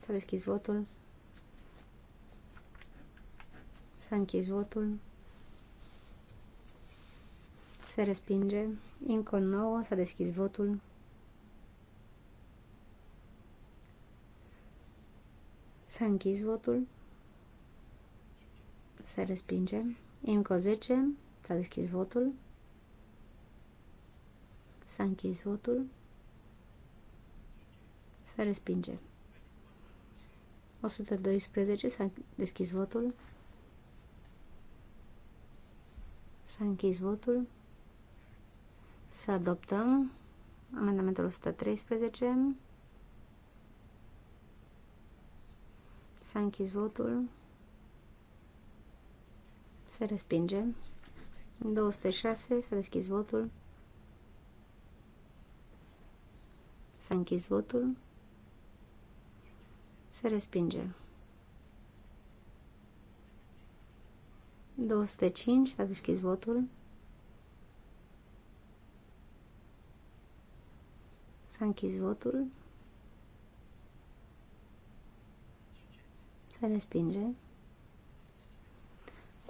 s-a deschis votul. S-a închis votul. Se respinge. Incon 9, s-a deschis votul. S-a închis votul se respinge. Încă 10, s-a deschis votul. S-a închis votul. Se respinge. 112, s-a deschis votul. S-a închis votul. Să adoptăm amendamentul 113. S-a închis votul se respinge. 206, s-a deschis votul. S-a închis votul. Se respinge. 205, s-a deschis votul. S-a închis votul. Se respinge.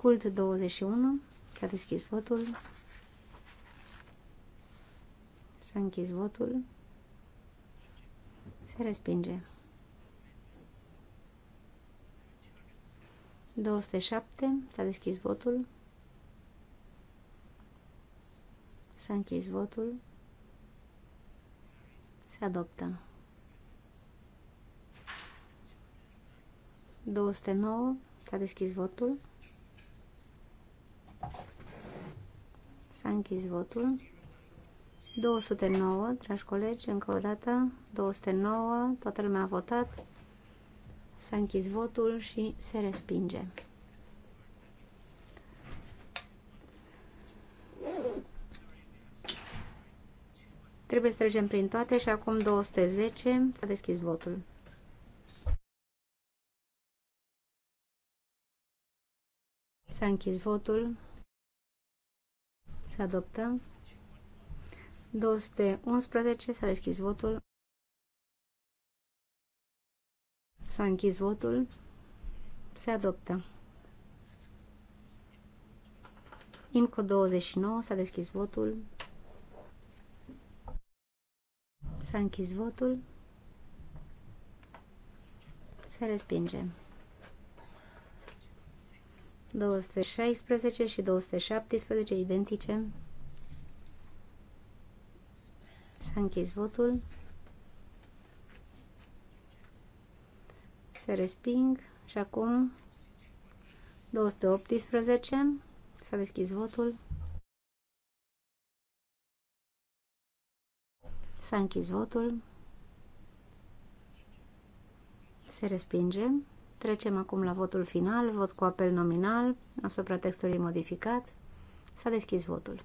Cult 21. S-a deschis votul. S-a închis votul. Se respinge. 207. S-a deschis votul. S-a închis votul. Se adoptă. 209. S-a deschis votul. S-a închis votul. 209, dragi colegi, încă o dată, 209, toată lumea a votat, s-a închis votul și se respinge. Trebuie să trecem prin toate și acum 210 s-a deschis votul. S-a închis votul. Se adoptă. 211. S-a deschis votul. S-a închis votul. Se adoptă. IMCO 29. S-a deschis votul. S-a închis votul. Se respinge. 216 și 217 identice. S-a închis votul. Se resping și acum 218. S-a deschis votul. S-a închis votul. Se respinge. Trecem acum la votul final, vot cu apel nominal asupra textului modificat. S-a deschis votul.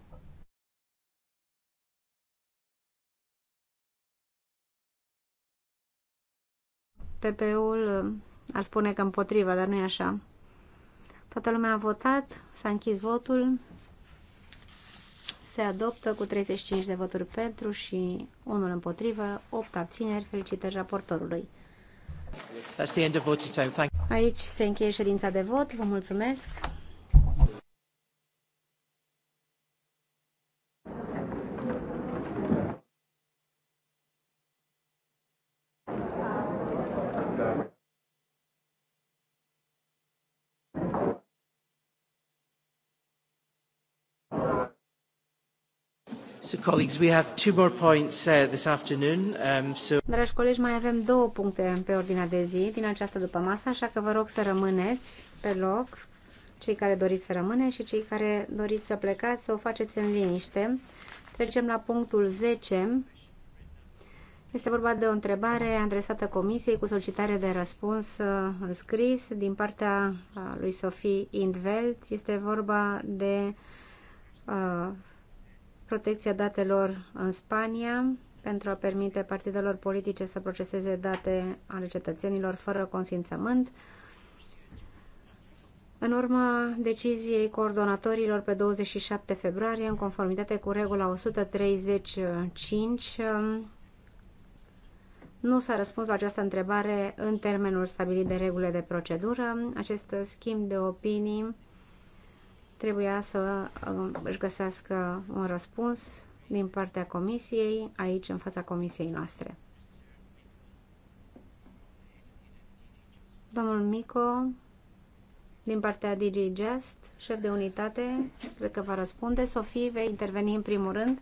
PP-ul uh, ar spune că împotriva, dar nu e așa. Toată lumea a votat, s-a închis votul, se adoptă cu 35 de voturi pentru și unul împotrivă, 8 abțineri, felicitări raportorului. Aici se încheie ședința de vot. Vă mulțumesc. Dragi colegi, mai avem două puncte pe ordinea de zi din această masă, așa că vă rog să rămâneți pe loc, cei care doriți să rămâne și cei care doriți să plecați, să o faceți în liniște. Trecem la punctul 10. Este vorba de o întrebare adresată Comisiei cu solicitare de răspuns uh, în scris din partea uh, lui Sofie Indveld. Este vorba de uh, protecția datelor în Spania pentru a permite partidelor politice să proceseze date ale cetățenilor fără consimțământ. În urma deciziei coordonatorilor pe 27 februarie, în conformitate cu regula 135, nu s-a răspuns la această întrebare în termenul stabilit de regulile de procedură. Acest schimb de opinii trebuia să uh, își găsească un răspuns din partea comisiei, aici în fața comisiei noastre. Domnul Mico, din partea DJ Just, șef de unitate, cred că va răspunde. Sofie, vei interveni în primul rând.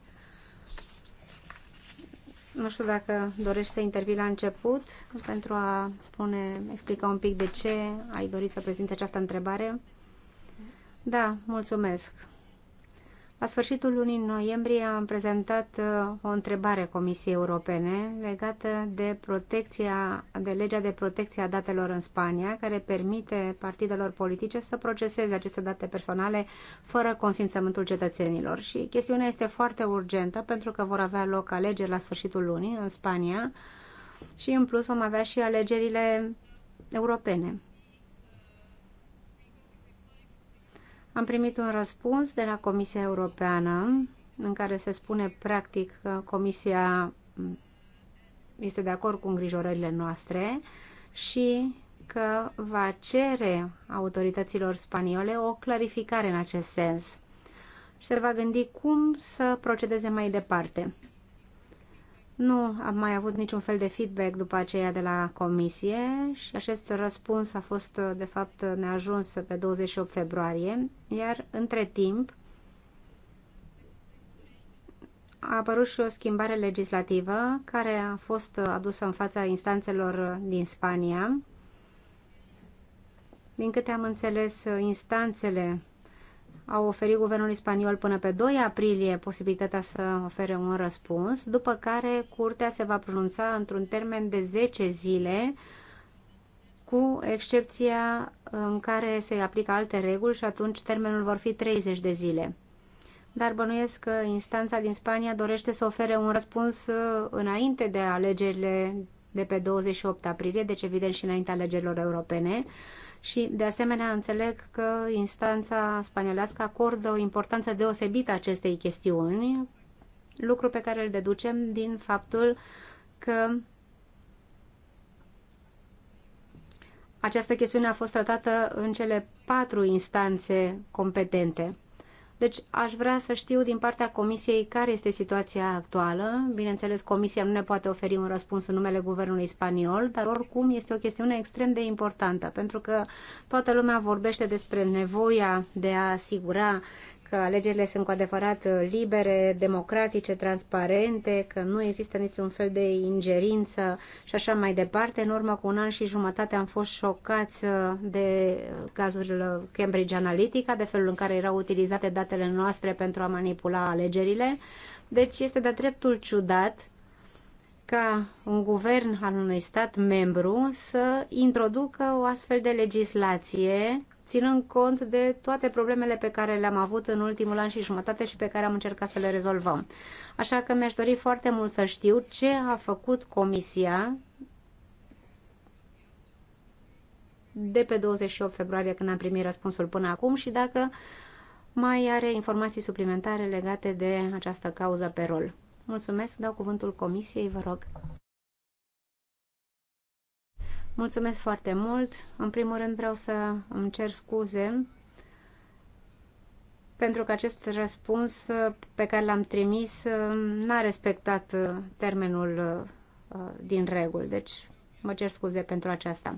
Nu știu dacă dorești să intervii la început pentru a spune, explica un pic de ce ai dorit să prezinte această întrebare. Da, mulțumesc. La sfârșitul lunii noiembrie am prezentat uh, o întrebare Comisiei Europene legată de, protecția, de legea de protecție a datelor în Spania, care permite partidelor politice să proceseze aceste date personale fără consimțământul cetățenilor. Și chestiunea este foarte urgentă pentru că vor avea loc alegeri la sfârșitul lunii în Spania și în plus vom avea și alegerile europene. Am primit un răspuns de la Comisia Europeană în care se spune practic că Comisia este de acord cu îngrijorările noastre și că va cere autorităților spaniole o clarificare în acest sens și se va gândi cum să procedeze mai departe. Nu am mai avut niciun fel de feedback după aceea de la comisie și acest răspuns a fost, de fapt, neajuns pe 28 februarie, iar între timp a apărut și o schimbare legislativă care a fost adusă în fața instanțelor din Spania. Din câte am înțeles, instanțele au oferit guvernului spaniol până pe 2 aprilie posibilitatea să ofere un răspuns, după care curtea se va pronunța într-un termen de 10 zile, cu excepția în care se aplică alte reguli și atunci termenul vor fi 30 de zile. Dar bănuiesc că instanța din Spania dorește să ofere un răspuns uh, înainte de alegerile de pe 28 aprilie, deci evident și înaintea alegerilor europene, și, de asemenea, înțeleg că instanța spaniolească acordă o importanță deosebită acestei chestiuni, lucru pe care îl deducem din faptul că această chestiune a fost tratată în cele patru instanțe competente. Deci aș vrea să știu din partea Comisiei care este situația actuală. Bineînțeles, Comisia nu ne poate oferi un răspuns în numele Guvernului Spaniol, dar oricum este o chestiune extrem de importantă, pentru că toată lumea vorbește despre nevoia de a asigura că alegerile sunt cu adevărat uh, libere, democratice, transparente, că nu există niciun fel de ingerință și așa mai departe. În urmă cu un an și jumătate am fost șocați uh, de cazurile uh, Cambridge Analytica, de felul în care erau utilizate datele noastre pentru a manipula alegerile. Deci este de-a dreptul ciudat ca un guvern al unui stat membru să introducă o astfel de legislație ținând cont de toate problemele pe care le-am avut în ultimul an și jumătate și pe care am încercat să le rezolvăm. Așa că mi-aș dori foarte mult să știu ce a făcut Comisia de pe 28 februarie când am primit răspunsul până acum și dacă mai are informații suplimentare legate de această cauză pe rol. Mulțumesc, dau cuvântul Comisiei, vă rog. Mulțumesc foarte mult. În primul rând vreau să îmi cer scuze pentru că acest răspuns pe care l-am trimis uh, n-a respectat uh, termenul uh, din regulă, deci mă cer scuze pentru aceasta.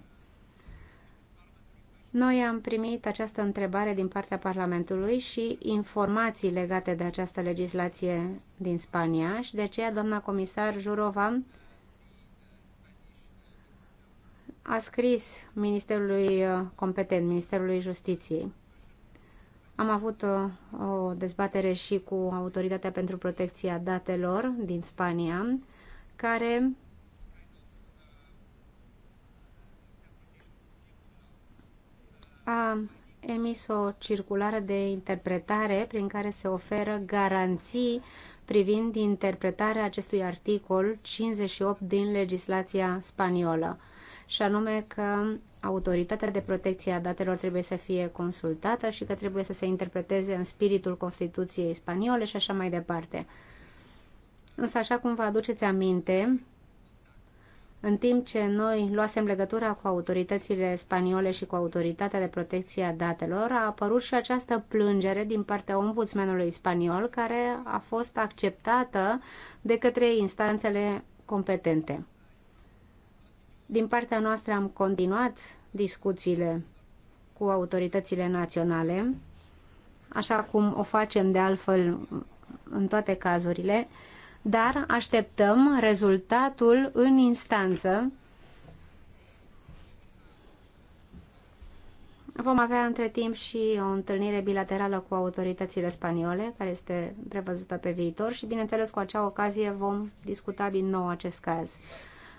Noi am primit această întrebare din partea Parlamentului și informații legate de această legislație din Spania și de aceea doamna comisar Jurova a scris Ministerului uh, competent, Ministerului Justiției. Am avut uh, o, dezbatere și cu Autoritatea pentru Protecția Datelor din Spania, care a emis o circulară de interpretare prin care se oferă garanții privind interpretarea acestui articol 58 din legislația spaniolă și anume că autoritatea de protecție a datelor trebuie să fie consultată și că trebuie să se interpreteze în spiritul Constituției spaniole și așa mai departe. Însă, așa cum vă aduceți aminte, în timp ce noi luasem legătura cu autoritățile spaniole și cu autoritatea de protecție a datelor, a apărut și această plângere din partea ombudsmanului spaniol, care a fost acceptată de către instanțele competente. Din partea noastră am continuat discuțiile cu autoritățile naționale, așa cum o facem de altfel în toate cazurile, dar așteptăm rezultatul în instanță. Vom avea între timp și o întâlnire bilaterală cu autoritățile spaniole, care este prevăzută pe viitor și, bineînțeles, cu acea ocazie vom discuta din nou acest caz.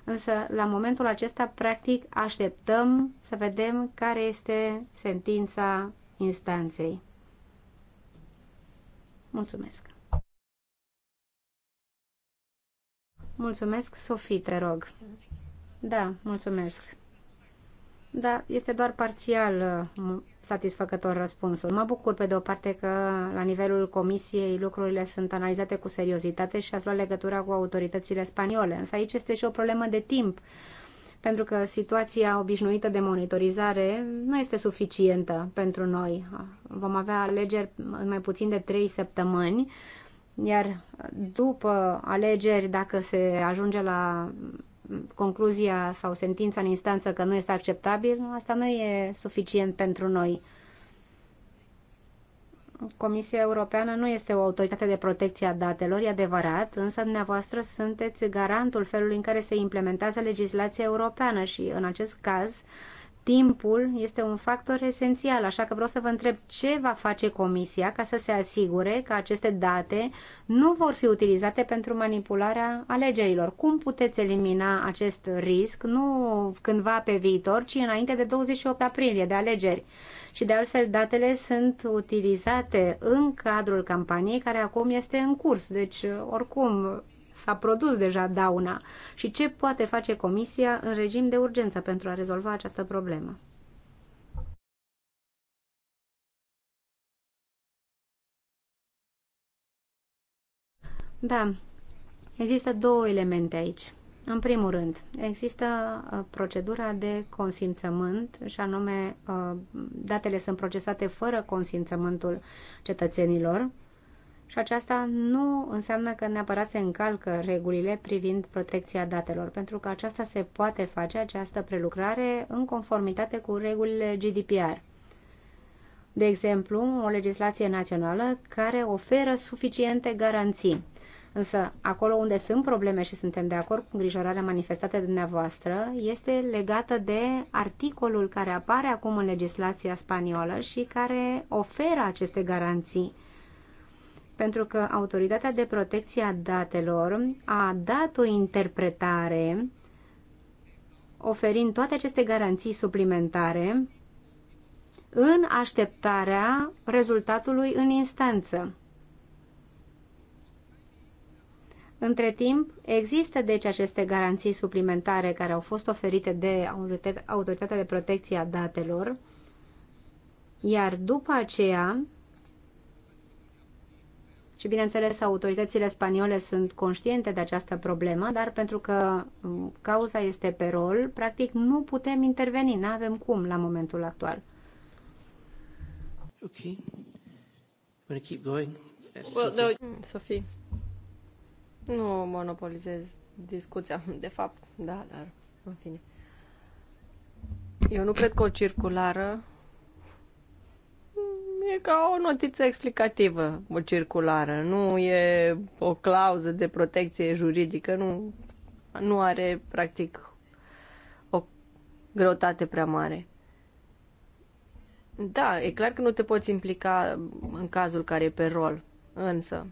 Însă, la momentul acesta, practic, așteptăm să vedem care este sentința instanței. Mulțumesc! Mulțumesc, Sofie, te rog. Da, mulțumesc. Da, este doar parțial uh, satisfăcător răspunsul. Mă bucur pe de o parte că la nivelul comisiei lucrurile sunt analizate cu seriozitate și ați luat legătura cu autoritățile spaniole, însă aici este și o problemă de timp, pentru că situația obișnuită de monitorizare nu este suficientă pentru noi. Vom avea alegeri în mai puțin de trei săptămâni, iar după alegeri, dacă se ajunge la concluzia sau sentința în instanță că nu este acceptabil, asta nu e suficient pentru noi. Comisia Europeană nu este o autoritate de protecție a datelor, e adevărat, însă dumneavoastră sunteți garantul felului în care se implementează legislația europeană și, în acest caz, uh, timpul este un factor esențial, așa că vreau să vă întreb ce va face Comisia ca să se asigure că aceste date nu vor fi utilizate pentru manipularea alegerilor. Cum puteți elimina acest risc, nu cândva pe viitor, ci înainte de 28 aprilie de alegeri? Și de altfel, datele sunt utilizate în cadrul campaniei care acum este în curs, deci oricum s-a produs deja dauna și ce poate face Comisia în regim de urgență pentru a rezolva această problemă. Da, există două elemente aici. În primul rând, există uh, procedura de consimțământ și anume uh, datele sunt procesate fără consimțământul cetățenilor și aceasta nu înseamnă că neapărat se încalcă regulile privind protecția datelor, pentru că aceasta se poate face, această prelucrare, în conformitate cu regulile GDPR. De exemplu, o legislație națională care oferă suficiente garanții. Însă, acolo unde sunt probleme și suntem de acord cu îngrijorarea manifestată de dumneavoastră, este legată de articolul care apare acum în legislația spaniolă și care oferă aceste garanții pentru că Autoritatea de Protecție a Datelor a dat o interpretare oferind toate aceste garanții suplimentare în așteptarea rezultatului în instanță. Între timp, există deci aceste garanții suplimentare care au fost oferite de Autoritatea de Protecție a Datelor, iar după aceea, și bineînțeles, autoritățile spaniole sunt conștiente de această problemă, dar pentru că mm, cauza este pe rol, practic nu putem interveni, nu avem cum la momentul actual. Ok. I'm keep going. Well, no. Sophie, nu monopolizez discuția, de fapt, da, dar în fine. Eu nu cred că o circulară e ca o notiță explicativă, o circulară. Nu e o clauză de protecție juridică, nu, nu are, practic, o greutate prea mare. Da, e clar că nu te poți implica în cazul care e pe rol, însă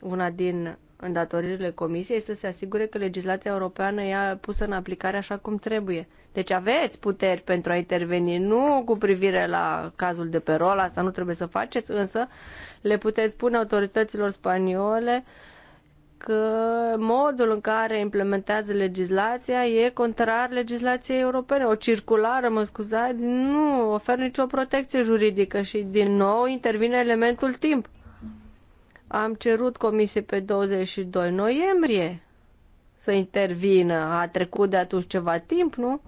una din îndatoririle Comisiei este să se asigure că legislația europeană e pusă în aplicare așa cum trebuie. Deci aveți puteri pentru a interveni, nu cu privire la cazul de pe rol, asta nu trebuie să faceți, însă le puteți spune autorităților spaniole că modul în care implementează legislația e contrar legislației europene. O circulară, mă scuzați, nu oferă nicio protecție juridică și din nou intervine elementul timp. Am cerut comisie pe 22 noiembrie să intervină. A trecut de atunci ceva timp, nu?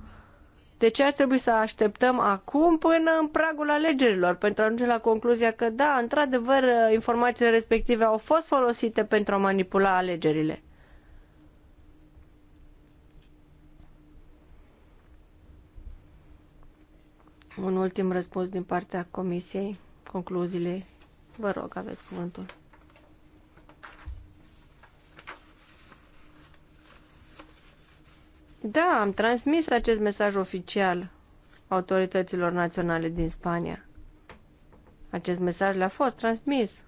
De ce ar trebui să așteptăm acum până în pragul alegerilor pentru a ajunge la concluzia că da, într-adevăr, informațiile respective au fost folosite pentru a manipula alegerile? Un ultim răspuns din partea Comisiei, concluziile. Vă rog, aveți cuvântul. Da, am transmis acest mesaj oficial autorităților naționale din Spania. Acest mesaj le-a fost transmis.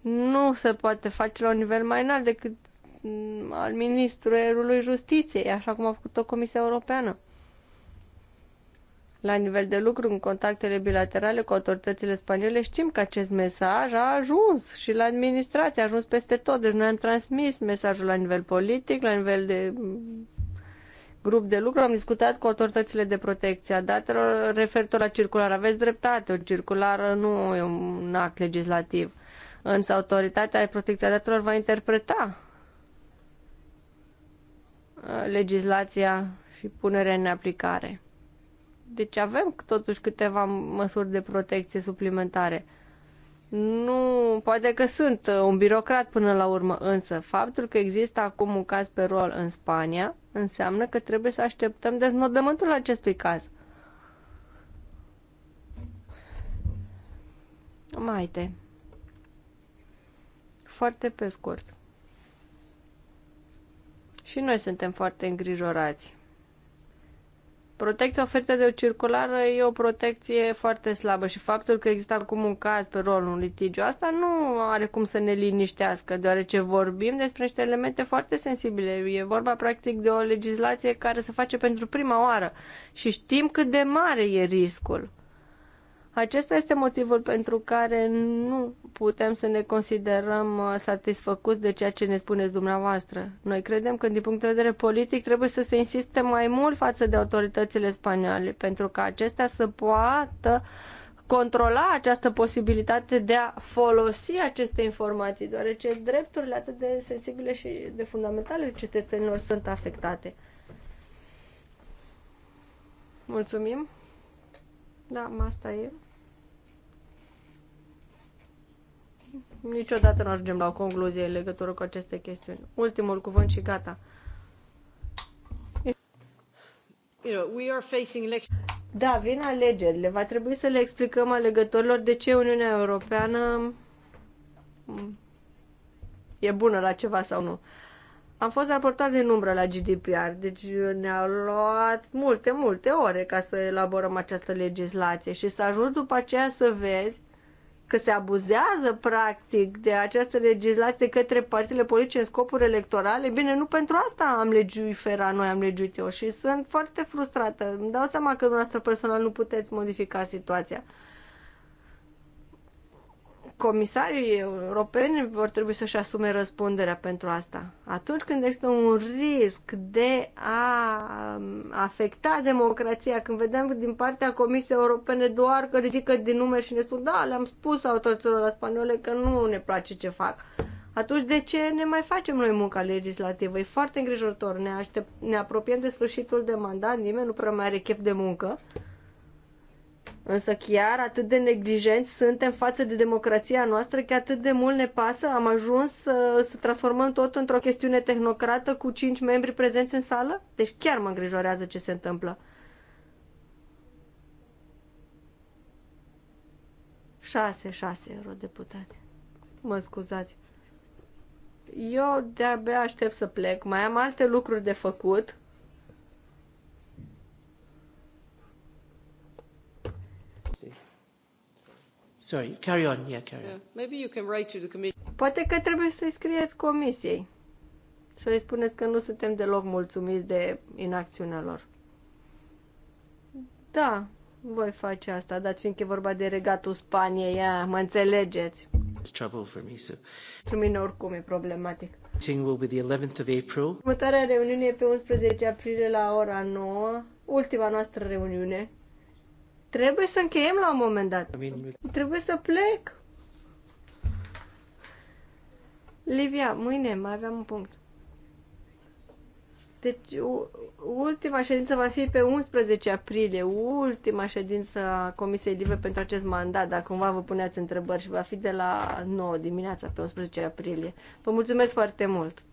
Nu se poate face la un nivel mai înalt decât mm, al ministrului Justiției, așa cum a făcut-o Comisia Europeană la nivel de lucru, în contactele bilaterale cu autoritățile spaniole, știm că acest mesaj a ajuns și la administrație, a ajuns peste tot. Deci noi am transmis mesajul la nivel politic, la nivel de mm, grup de lucru, am discutat cu autoritățile de protecție a datelor referitor la circular. Aveți dreptate, o circulară nu e un act legislativ. Însă autoritatea de protecție a datelor va interpreta uh, legislația și punerea în aplicare. Deci avem totuși câteva măsuri de protecție suplimentare. Nu, poate că sunt uh, un birocrat până la urmă, însă faptul că există acum un caz pe rol în Spania înseamnă că trebuie să așteptăm deznodământul acestui caz. Mai te. Foarte pe scurt. Și noi suntem foarte îngrijorați. Protecția oferită de o circulară e o protecție foarte slabă și faptul că există acum un caz pe rolul un litigiu, asta nu are cum să ne liniștească, deoarece vorbim despre niște elemente foarte sensibile. E vorba practic de o legislație care se face pentru prima oară și știm cât de mare e riscul. Acesta este motivul pentru care nu putem să ne considerăm uh, satisfăcuți de ceea ce ne spuneți dumneavoastră. Noi credem că, din punct de vedere politic, trebuie să se insiste mai mult față de autoritățile spaniole, pentru ca acestea să poată controla această posibilitate de a folosi aceste informații, deoarece drepturile atât de sensibile și de fundamentale cetățenilor sunt afectate. Mulțumim! Da, asta e. Niciodată nu ajungem la o concluzie în legătură cu aceste chestiuni. Ultimul cuvânt și gata. Da, vin alegerile. Va trebui să le explicăm alegătorilor de ce Uniunea Europeană mm, e bună la ceva sau nu. Am fost raportar din numbră la GDPR, deci uh, ne-a luat multe, multe ore ca să elaborăm această legislație și să ajungi după aceea să vezi că se abuzează practic de această legislație către partidele politice în scopuri electorale, bine, nu pentru asta am fera, noi, am legiuit eu și sunt foarte frustrată. Îmi dau seama că dumneavoastră personal nu puteți modifica situația comisarii europeni vor trebui să-și asume răspunderea pentru asta. Atunci când există un risc de a um, afecta democrația, când vedem din partea Comisiei Europene doar că ridică din numeri și ne spun da, le-am spus autorităților spaniole că nu ne place ce fac. Atunci de ce ne mai facem noi munca legislativă? E foarte îngrijorător. Ne, aștept, ne apropiem de sfârșitul de mandat, nimeni nu prea mai are chef de muncă. Însă chiar atât de neglijenți suntem față de democrația noastră că atât de mult ne pasă, am ajuns să, să transformăm tot într-o chestiune tehnocrată cu cinci membri prezenți în sală? Deci chiar mă îngrijorează ce se întâmplă. Șase, șase eurodeputați. Mă scuzați. Eu de-abia aștept să plec. Mai am alte lucruri de făcut Sorry, carry on, yeah, carry on. Yeah. Maybe you can write to the commission. Poate că trebuie să-i scrieți comisiei. Să-i spuneți că nu suntem deloc mulțumiți de inacțiunea lor. Da, voi face asta, dar fiindcă e vorba de regatul Spaniei, ia, mă înțelegeți. It's trouble for me, so... Pentru mine oricum e problematic. Will be the 11th of April. Următoarea reuniune e pe 11 aprilie la ora 9, ultima noastră reuniune. Trebuie să încheiem la un moment dat. Trebuie să plec. Livia, mâine mai aveam un punct. Deci, ultima ședință va fi pe 11 aprilie, ultima ședință a Comisiei Live pentru acest mandat, dacă cumva vă puneați întrebări și va fi de la 9 dimineața pe 11 aprilie. Vă mulțumesc foarte mult!